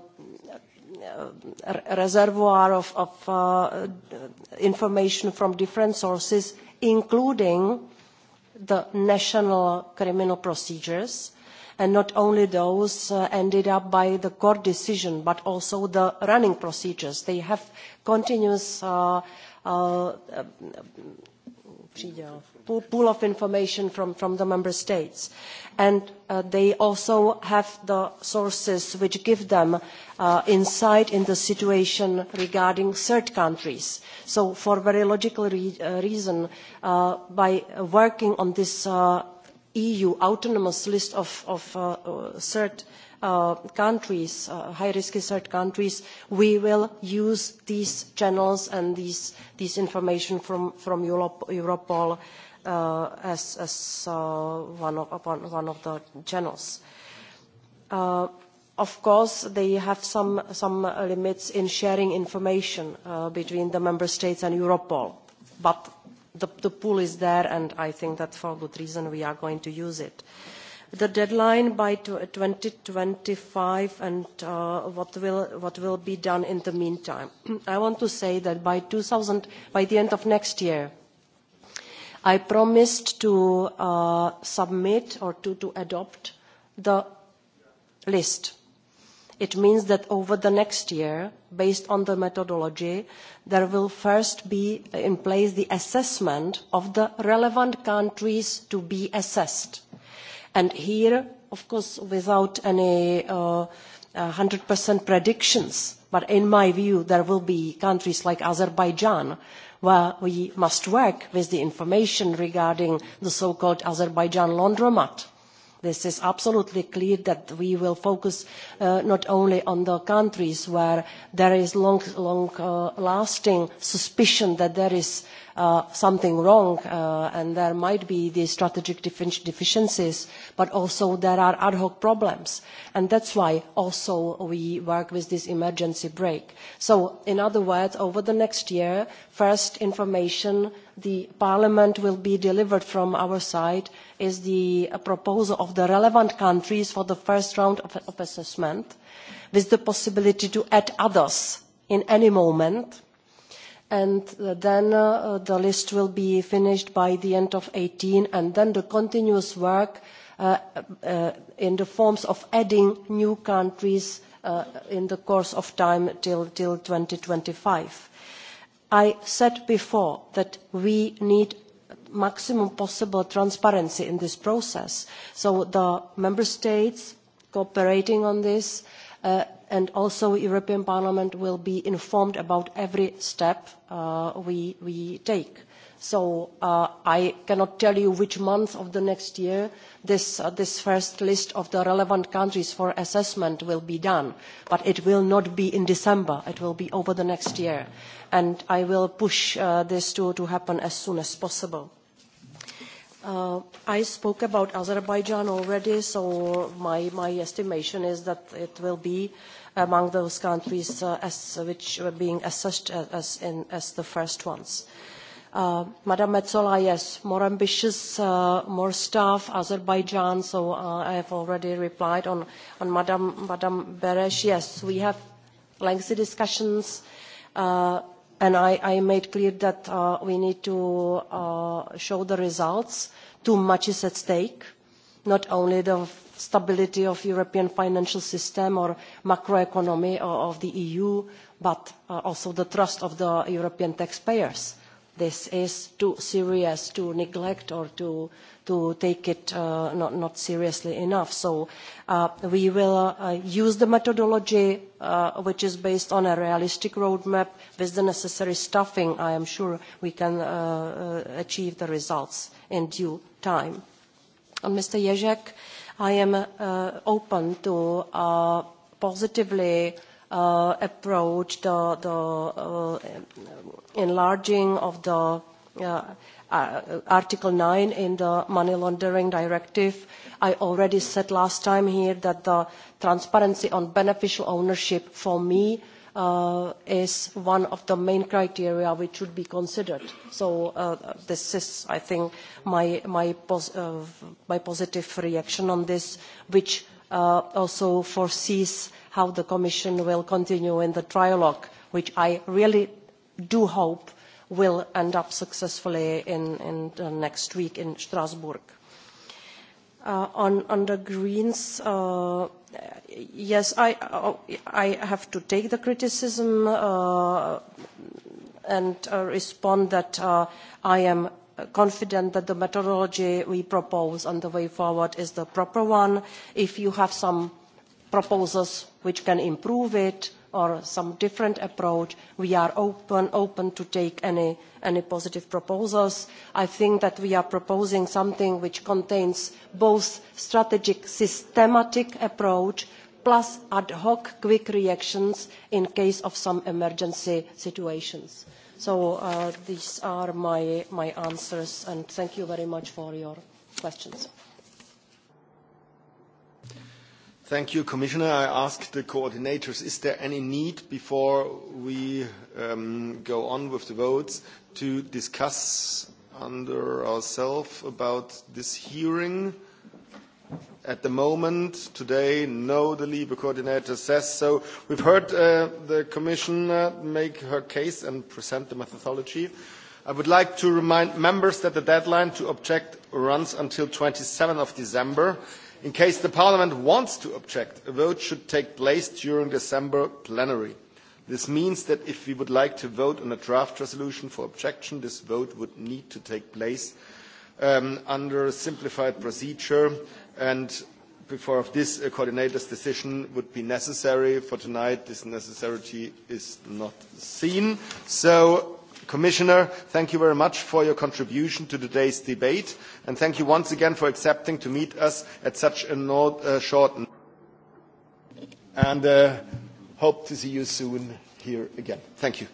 [SPEAKER 11] reservoir of, information from different sources including the national criminal procedures and not only those ended up by the court decision but also the running procedures. they have continuous Uh, uh, pool of information from, the member states and uh, they also have the sources which give them insight into the situation regarding third countries. so for a very logical reason by working on this eu autonomous list of third Uh, countries uh, high risk third countries we will use these channels and this information from, europol uh, as, one, of, the channels of course they have some, limits in sharing information between the member states and europol but the pool is there and i think that for good reason we are going to use it the deadline by two thousand and twenty five and what will be done in the meantime. [CLEARS THROAT] i want to say that by the end of next year i promised to uh, submit or to adopt the list. it means that over the next year based on the methodology there will first be in place the assessment of the relevant countries to be assessed and here of course without any one uh, uh, hundred predictions but in my view there will be countries like azerbaijan where we must work with the information regarding the so called azerbaijan laundromat this is absolutely clear that we will focus uh, not only on the countries where there is long, uh, lasting suspicion that there is uh, something wrong and there might be these strategic deficiencies but also there are ad hoc problems and that's why also we work with this emergency break. so in other words over the next year first information the parliament will be delivered from our side is the proposal of the relevant countries for the first round of assessment with the possibility to add others at any moment and uh, then uh, the list will be finished by the end of two thousand and eighteen and then the continuous work uh, in the form of adding new countries in the course of time till. two thousand and twenty five i said before that we need maximum possible transparency in this process so the member states cooperating on this uh, and also the european parliament will be informed about every step uh, we take so uh, i cannot tell you which month of the next year uh, this, first list of the relevant countries for assessment will be done but it will not be in december it will be over the next year and i will push uh, this to, happen as soon as possible. i spoke about azerbaijan already so my, estimation is that it will be among those countries which were being assessed as the first ones. Uh, ms metsola yes more ambitious uh, more staff azerbaijan so uh, i have already replied on ms bers yes we have lengthy discussions and i made clear that we need to show the results. too much is at stake not only the stability of the european financial system or macro economy of the eu but also the trust of the european taxpayers this is too serious to neglect or to, take it uh, not, seriously enough. so uh, we will uh, use the methodology which is based on a realistic roadmap with the necessary staffing. i am sure we can achieve the results in due time. mr ježek i am open to positively Uh, approach, the, the uh, enlarging of the uh, uh Article 9 in the money laundering directive, I already said last time here that the transparency on beneficial ownership for me is one of the main criteria which should be considered. so this is i think my, my, pos uh, my positive reaction on this which also foresees how the commission will continue in the trilogue which i really do hope will end up successfully in, next week in strasbourg. Uh, on, the greens uh, yes uh, i have to take the criticism and respond that i am confident that the methodology we propose on the way forward is the proper one. if you have some proposals which can improve it or some different approach we are open to take any positive proposals. i think that we are proposing something which contains both a strategic systematic approach plus ad hoc quick reactions in case of some emergency situations. so uh, these are my answers and thank you very much for your questions.
[SPEAKER 10] Thank you, Commissioner. I ask the coordinators, is there any need before we um, go on with the votes to discuss under ourselves about this hearing? At the moment, today, no, the LIBE coordinator says so. We've heard uh, the Commissioner make her case and present the methodology. I would like to remind members that the deadline to object runs until 27th of December in case the parliament wants to object a vote should take place during december plenary. this means that if we would like to vote on a draft resolution for objection this vote would need to take place um, under a simplified procedure and before this a coordinator's decision would be necessary. for tonight this necessity is not seen so commissioner thank you very much for your contribution to today's debate and thank you once again for accepting to meet us at such a uh, short and uh, hope to see you soon here again. thank you.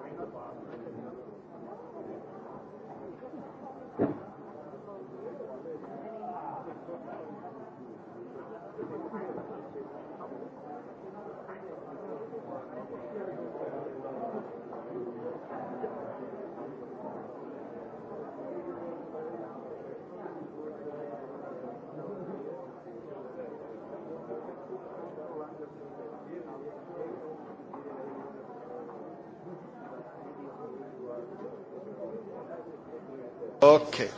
[SPEAKER 9] Hvala
[SPEAKER 10] Okay.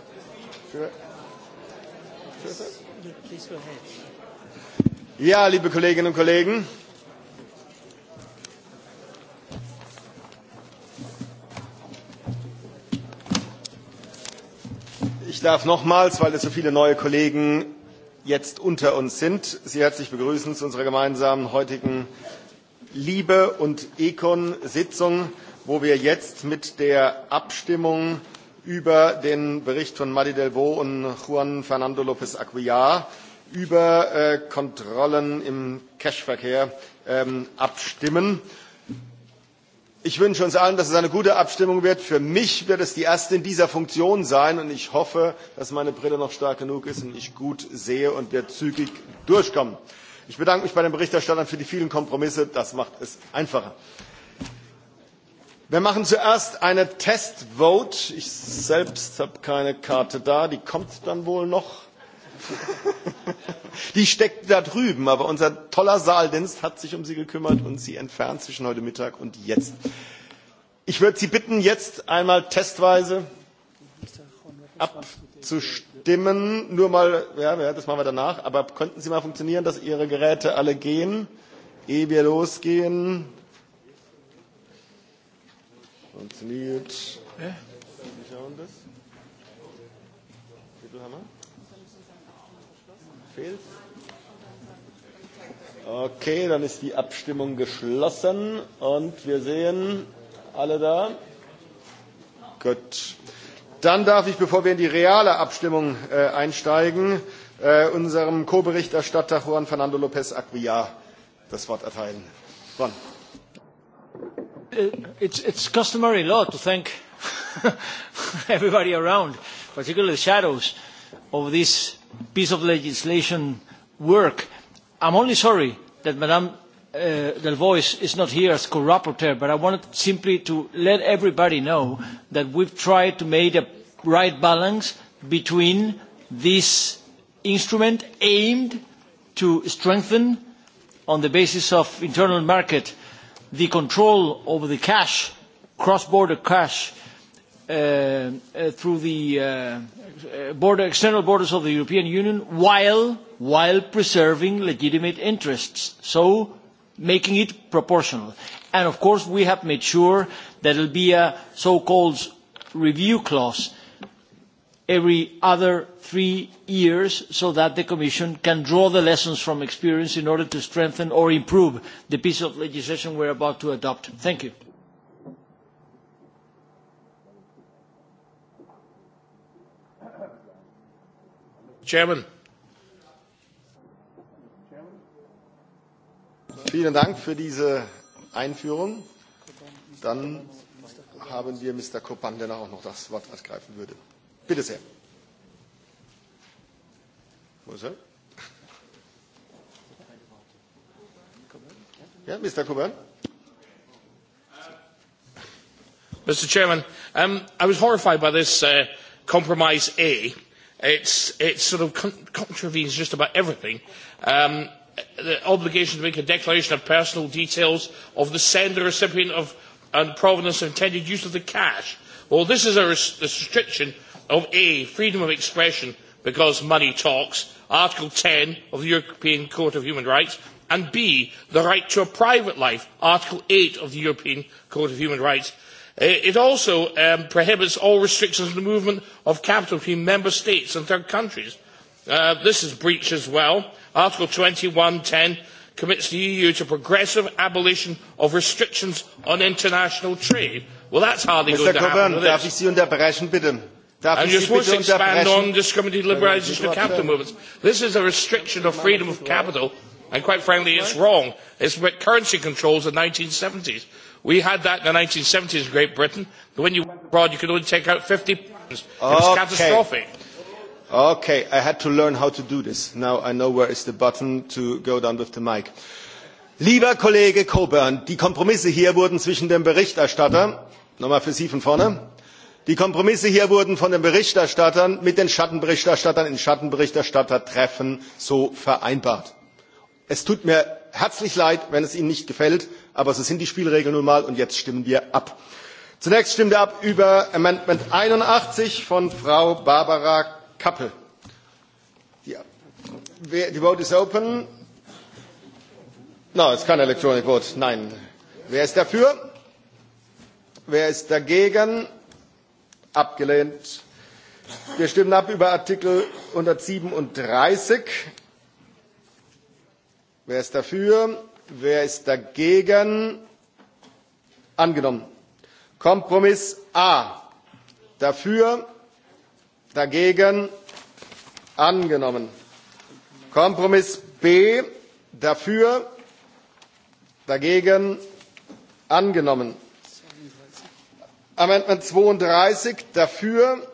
[SPEAKER 10] Ja, liebe Kolleginnen und Kollegen. Ich darf nochmals, weil es so viele neue Kollegen jetzt unter uns sind, Sie herzlich begrüßen zu unserer gemeinsamen heutigen Liebe und Econ Sitzung, wo wir jetzt mit der Abstimmung über den Bericht von Madi Delvaux und Juan Fernando López Aguilar über äh, Kontrollen im Cashverkehr ähm, abstimmen. Ich wünsche uns allen, dass es eine gute Abstimmung wird. Für mich wird es die erste in dieser Funktion sein und ich hoffe, dass meine Brille noch stark genug ist und ich gut sehe und wir zügig durchkommen. Ich bedanke mich bei den Berichterstattern für die vielen Kompromisse. Das macht es einfacher wir machen zuerst eine test vote ich selbst habe keine karte da die kommt dann wohl noch [LAUGHS] die steckt da drüben aber unser toller saaldienst hat sich um sie gekümmert und sie entfernt zwischen heute mittag und jetzt. ich würde sie bitten jetzt einmal testweise abzustimmen nur mal ja das machen wir danach aber könnten sie mal funktionieren dass ihre geräte alle gehen ehe wir losgehen? Funktioniert. Äh? schauen das? Fehlt? Okay, dann ist die Abstimmung geschlossen und wir sehen alle da. Gut. Dann darf ich, bevor wir in die reale Abstimmung äh, einsteigen, äh, unserem Co-Berichterstatter Juan Fernando Lopez Aguilar das Wort erteilen. Juan
[SPEAKER 12] it's, it's customary law to thank [LAUGHS] everybody around, particularly the shadows of this piece of legislation work. I'm only sorry that Madame Uh, Delvois is not here as co-rapporteur, but I wanted simply to let everybody know that we've tried to make a right balance between this instrument aimed to strengthen on the basis of internal market the control over the cash, cross-border cash, uh, uh, through the uh, border, external borders of the European Union while, while preserving legitimate interests, so making it proportional. And of course, we have made sure that there will be a so-called review clause every other three years so that the commission can draw the lessons from experience in order to strengthen or improve the piece of legislation we are about to adopt. thank
[SPEAKER 7] you. Chairman.
[SPEAKER 9] Vielen
[SPEAKER 10] Dank für diese Einführung.
[SPEAKER 9] Dann haben
[SPEAKER 10] wir Mr. Kopan, der auch noch das Wort ergreifen würde. Bitte sehr.
[SPEAKER 7] Mr. President, Mr. Chairman, um, I was horrified by this uh, compromise A. It's, it sort of contravenes just about everything. Um, the obligation to make a declaration of personal details of the sender, recipient of, and provenance of intended use of the cash. Well, this is a, a restriction of a freedom of expression because money talks article ten of the european court of human rights and b the right to a private life article eight of the european court of human rights. Uh, it also um, prohibits all restrictions on the movement of capital between member states and third countries. Uh, this is breach as well. article twenty one ten commits the eu to progressive abolition of restrictions on international trade. well that's hardly going to happen. Darf
[SPEAKER 10] ich and you supposed to expand
[SPEAKER 7] non-discriminating liberalisation of capital movements. This is a restriction of freedom of capital, and quite frankly, it's wrong. It's about currency controls in the 1970s. We had that in the 1970s in Great Britain, but when you went abroad, you could only take out 50 pounds. It was catastrophic.
[SPEAKER 10] Okay, I had to learn how to do this. Now I know where is the button to go down with the mic. Lieber Kollege Coburn, die Kompromisse hier wurden zwischen dem Berichterstatter, nochmal für Sie von vorne, die kompromisse hier wurden von den berichterstattern mit den schattenberichterstattern in schattenberichterstattertreffen so vereinbart. es tut mir herzlich leid wenn es ihnen nicht gefällt aber so sind die spielregeln nun mal und jetzt stimmen wir ab. zunächst stimmen wir ab über änderungsantrag einundachtzig von frau barbara kappel. no it's kein electronic vote. nein. wer ist dafür? wer ist dagegen? abgelehnt. Wir stimmen ab über Artikel 137. Wer ist dafür? Wer ist dagegen? Angenommen. Kompromiss A. Dafür? Dagegen? Angenommen. Kompromiss B. Dafür? Dagegen? Angenommen. Amendment 32 dafür,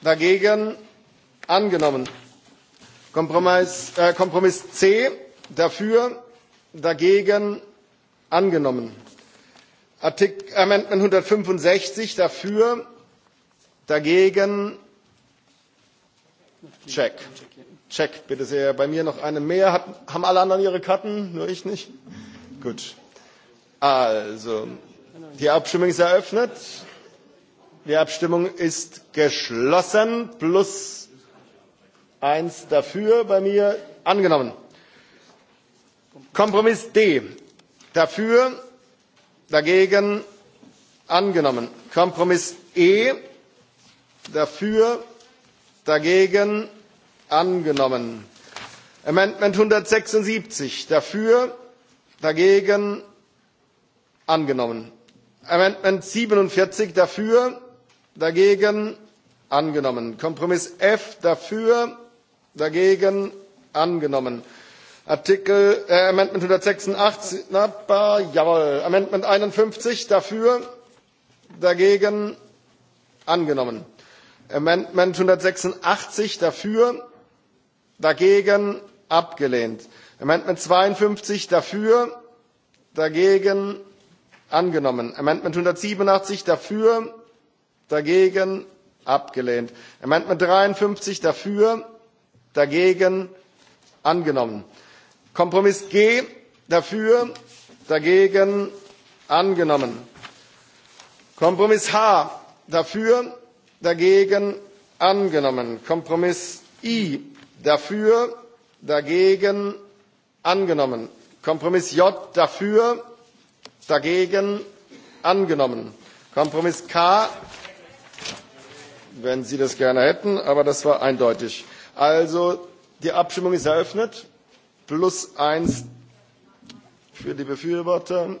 [SPEAKER 10] dagegen angenommen. Kompromiss, äh, Kompromiss C dafür, dagegen angenommen. Artikel Amendment 165 dafür, dagegen check. Check, bitte sehr. Bei mir noch eine mehr. haben alle anderen ihre Karten? Nur ich nicht? Gut. Also, Die Abstimmung ist eröffnet. Die Abstimmung ist geschlossen. Plus eins dafür bei mir angenommen. Kompromiss D. Dafür, dagegen angenommen. Kompromiss E. Dafür, dagegen angenommen. Amendment 176. Dafür, dagegen angenommen Amendment 47 dafür, dagegen angenommen. Kompromiss F dafür, dagegen angenommen. Artikel äh, Amendment jawohl. Amendment 51 dafür, dagegen angenommen. Amendment 186 dafür, dagegen abgelehnt. Amendment 52 dafür, dagegen angenommen; amendment 187 dafür dagegen abgelehnt; amendment dreiundfünfzig dafür dagegen angenommen; kompromiss g dafür dagegen angenommen; kompromiss h dafür dagegen angenommen; kompromiss i dafür dagegen angenommen; kompromiss j dafür dagegen angenommen. kompromiss k wenn sie das gerne hätten aber das war eindeutig. also die abstimmung ist eröffnet plus eins für die befürworter.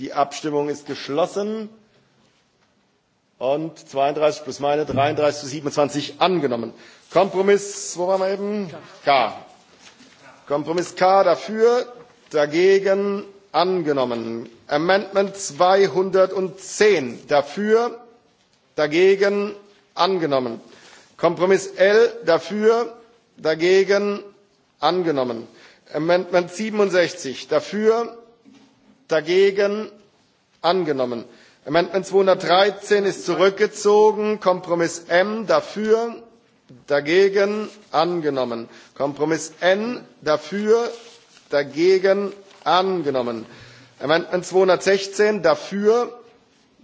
[SPEAKER 10] die abstimmung ist geschlossen und zweiunddreißig plus meine 33 zu siebenundzwanzig angenommen. kompromiss wo waren wir eben? k. kompromiss k dafür dagegen angenommen; änderungsantrag zweihundertzehn dafür dagegen angenommen; kompromiss l dafür dagegen angenommen; änderungsantrag siebenundsechzig dafür dagegen angenommen; änderungsantrag zweihundertdreizehn ist zurückgezogen; kompromiss m dafür dagegen angenommen; kompromiss n dafür dagegen angenommen; änderungsantrag zweihundertsechzehn dafür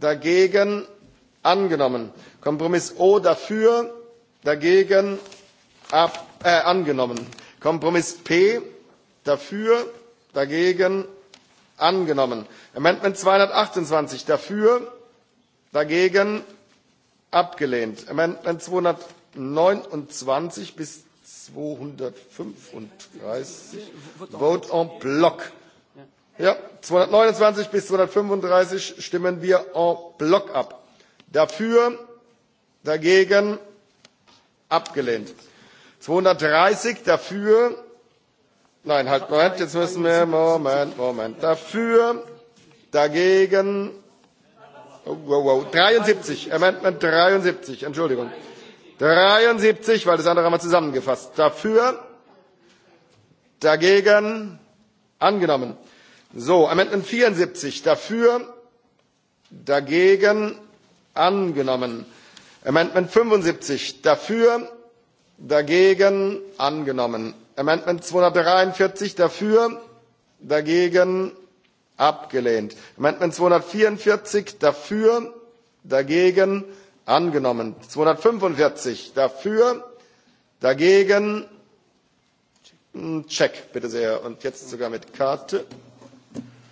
[SPEAKER 10] dagegen angenommen; kompromiss o dafür dagegen äh, angenommen; kompromiss p dafür dagegen angenommen; änderungsantrag zweihundertachtundzwanzig dafür dagegen abgelehnt; änderungsantrag zweihundertneunundzwanzig bis zweihundertfünfunddreißig vote en bloc ja, 229 bis 235 stimmen wir en bloc ab. Dafür, dagegen abgelehnt. 230 dafür, nein, halt, Moment, jetzt müssen wir, Moment, Moment, dafür, dagegen, oh, wow, wow, 73, Amendment 73, Entschuldigung. 73, weil das andere haben wir zusammengefasst. Dafür, dagegen, angenommen. So, Amendment 74 dafür, dagegen angenommen. Amendment 75 dafür, dagegen angenommen. Amendment 243 dafür, dagegen abgelehnt. Amendment 244 dafür, dagegen angenommen. 245 dafür, dagegen check bitte sehr und jetzt sogar mit Karte.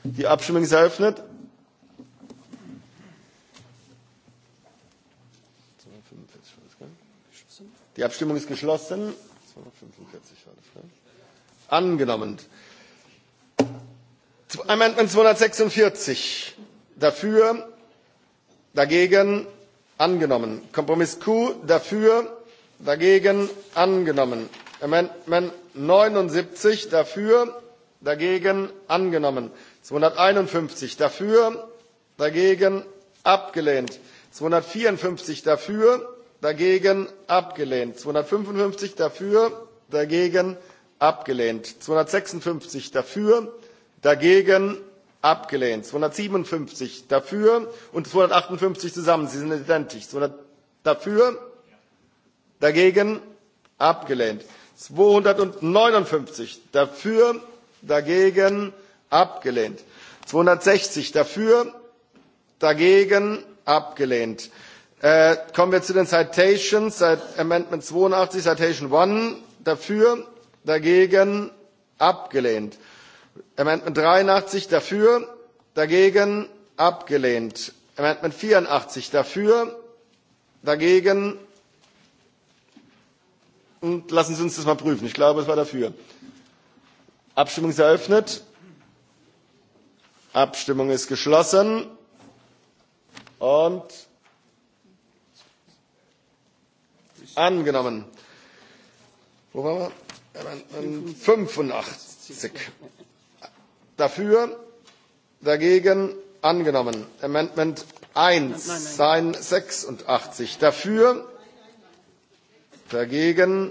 [SPEAKER 10] Die Abstimmung ist eröffnet. Die Abstimmung ist geschlossen. 245 war das, ne? Angenommen. Amendment 246. Dafür, dagegen, angenommen. Kompromiss Q. Dafür, dagegen, angenommen. Amendment 79. Dafür, dagegen, angenommen zweihunderteinundfünfzig dafür dagegen abgelehnt; zweihundertvierundfünfzig dafür dagegen abgelehnt; zweihundertfünfundfünfzig dafür dagegen abgelehnt; zweihundertsechsundfünfzig dafür dagegen abgelehnt; zweihundertsiebenundfünfzig dafür und zweihundertachtundfünfzig zusammen sie sind identisch dafür dagegen abgelehnt; zweihundertneunundfünfzig dafür dagegen abgelehnt; zweihundertsechzig dafür dagegen abgelehnt. Äh, kommen wir zu den citations seit amendment 82 citation 1 dafür dagegen abgelehnt; amendment dreiundachtzig dafür dagegen abgelehnt; amendment vierundachtzig dafür dagegen und lassen Sie uns das mal prüfen. Ich glaube, es war dafür. Abstimmung ist eröffnet abstimmung ist geschlossen und angenommen wo waren wir? 85 dafür dagegen angenommen amendment 1 sein 86 dafür dagegen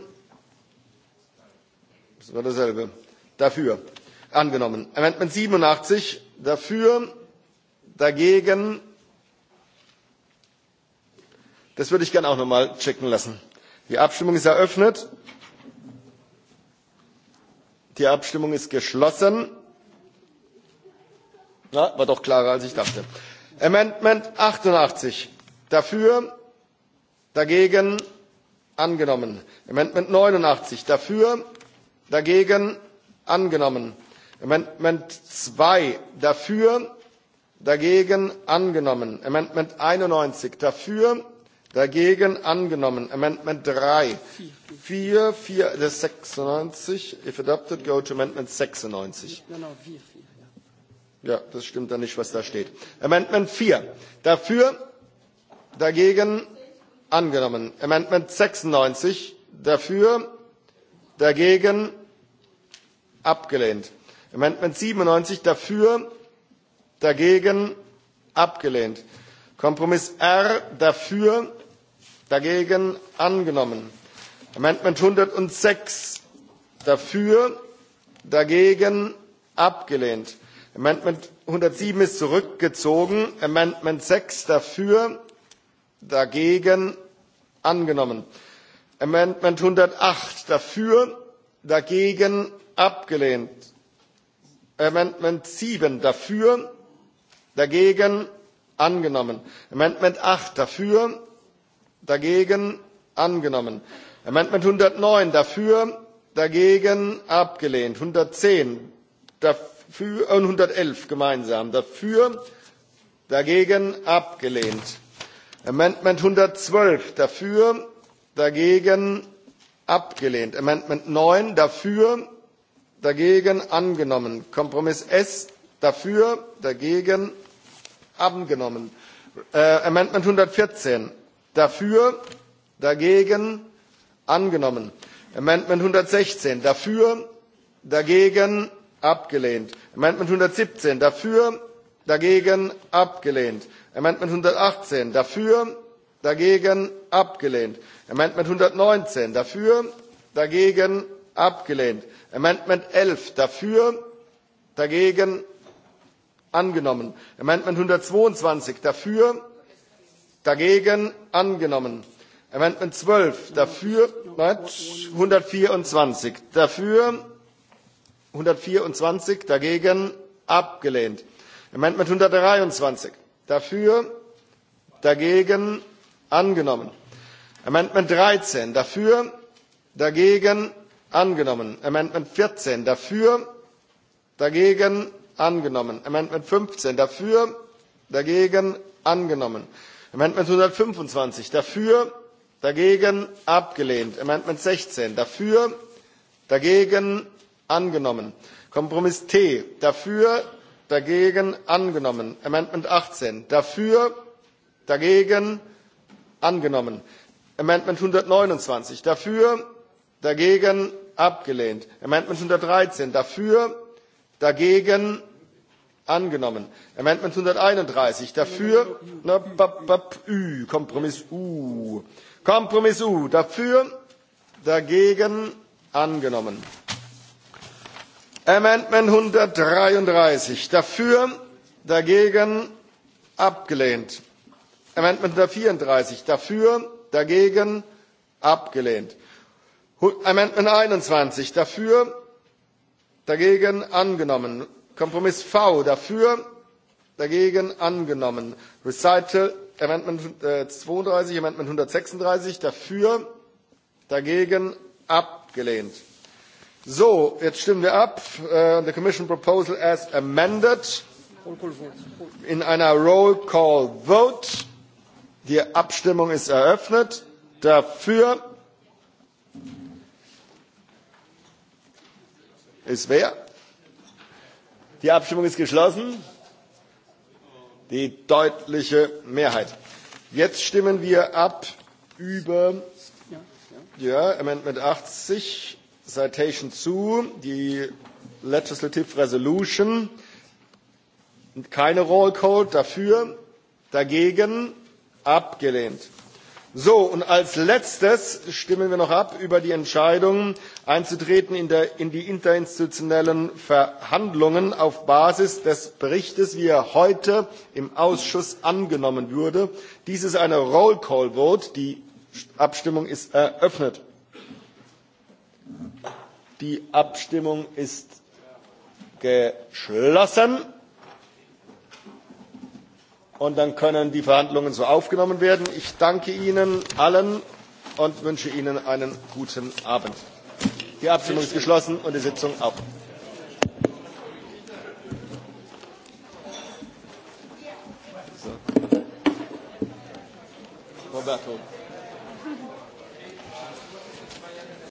[SPEAKER 10] das war dasselbe dafür angenommen amendment 87 dafür dagegen das würde ich gerne auch noch mal checken lassen. die abstimmung ist eröffnet. die abstimmung ist geschlossen. Na, war doch klarer als ich dachte. amendment achtundachtzig dafür dagegen angenommen. amendment 89 dafür dagegen angenommen Amendment 2 dafür, dagegen angenommen. Amendment 91 dafür, dagegen angenommen. Amendment 3. 4, 4, 96. If adopted, go to Amendment 96. Ja, das stimmt dann nicht, was da steht. Amendment 4. Dafür, dagegen angenommen. Amendment 96. Dafür, dagegen abgelehnt Amendment 97 dafür, dagegen abgelehnt. Kompromiss R dafür, dagegen angenommen. Amendment 106 dafür, dagegen abgelehnt. Amendment 107 ist zurückgezogen. Amendment 6 dafür, dagegen angenommen. Amendment 108 dafür, dagegen abgelehnt. Amendment sieben dafür, dagegen angenommen. Amendment 8 dafür, dagegen angenommen. Amendment 109 dafür, dagegen abgelehnt. 110 dafür äh, und 111 gemeinsam dafür, dagegen abgelehnt. Amendment 112 dafür, dagegen abgelehnt. Amendment 9 dafür, dagegen angenommen kompromiss s dafür dagegen angenommen änderungsantrag äh, amendment 114 dafür dagegen angenommen amendment 116 dafür dagegen abgelehnt amendment 117 dafür dagegen abgelehnt amendment 118 dafür dagegen abgelehnt amendment 119 dafür dagegen abgelehnt Amendment 11 dafür, dagegen angenommen. Amendment 122 dafür, dagegen angenommen. Amendment 12 dafür, 124 dafür, 124 dagegen abgelehnt. Amendment 123 dafür, dagegen angenommen. Amendment 13 dafür, dagegen angenommen; amendment vierzehn dafür dagegen angenommen; amendment fünfzehn dafür dagegen angenommen; amendment einhundertfünfundzwanzig dafür dagegen abgelehnt; amendment sechzehn dafür dagegen angenommen; kompromiss t dafür dagegen angenommen; amendment achtzehn dafür dagegen angenommen; amendment einhundertneunundzwanzig dafür dagegen abgelehnt; änderungsantrag 113 dafür dagegen angenommen; änderungsantrag einhunderteinunddreißig dafür kompromiss u dafür dagegen angenommen; änderungsantrag einhundertdreiunddreißig dafür dagegen abgelehnt; änderungsantrag 134 dafür dagegen abgelehnt; Amendment 21 dafür, dagegen angenommen. Kompromiss V dafür, dagegen angenommen. Recital Amendment 32, äh, Amendment 136 dafür, dagegen abgelehnt. So, jetzt stimmen wir ab. Äh, the Commission proposal as amended in einer Roll Call Vote. Die Abstimmung ist eröffnet. Dafür ist wer? Die Abstimmung ist geschlossen. Die deutliche Mehrheit. Jetzt stimmen wir ab über ja, Amendment 80, Citation zu, die Legislative Resolution. Keine Roll Call dafür, dagegen abgelehnt. So, und als letztes stimmen wir noch ab über die Entscheidung einzutreten in die interinstitutionellen verhandlungen auf basis des berichts wie er heute im ausschuss angenommen wurde. dies ist eine roll call vote. die abstimmung ist eröffnet. die abstimmung ist geschlossen. und dann können die verhandlungen so aufgenommen werden. ich danke ihnen allen und wünsche ihnen einen guten abend. Die Abstimmung ist geschlossen und die Sitzung auch. Roberto.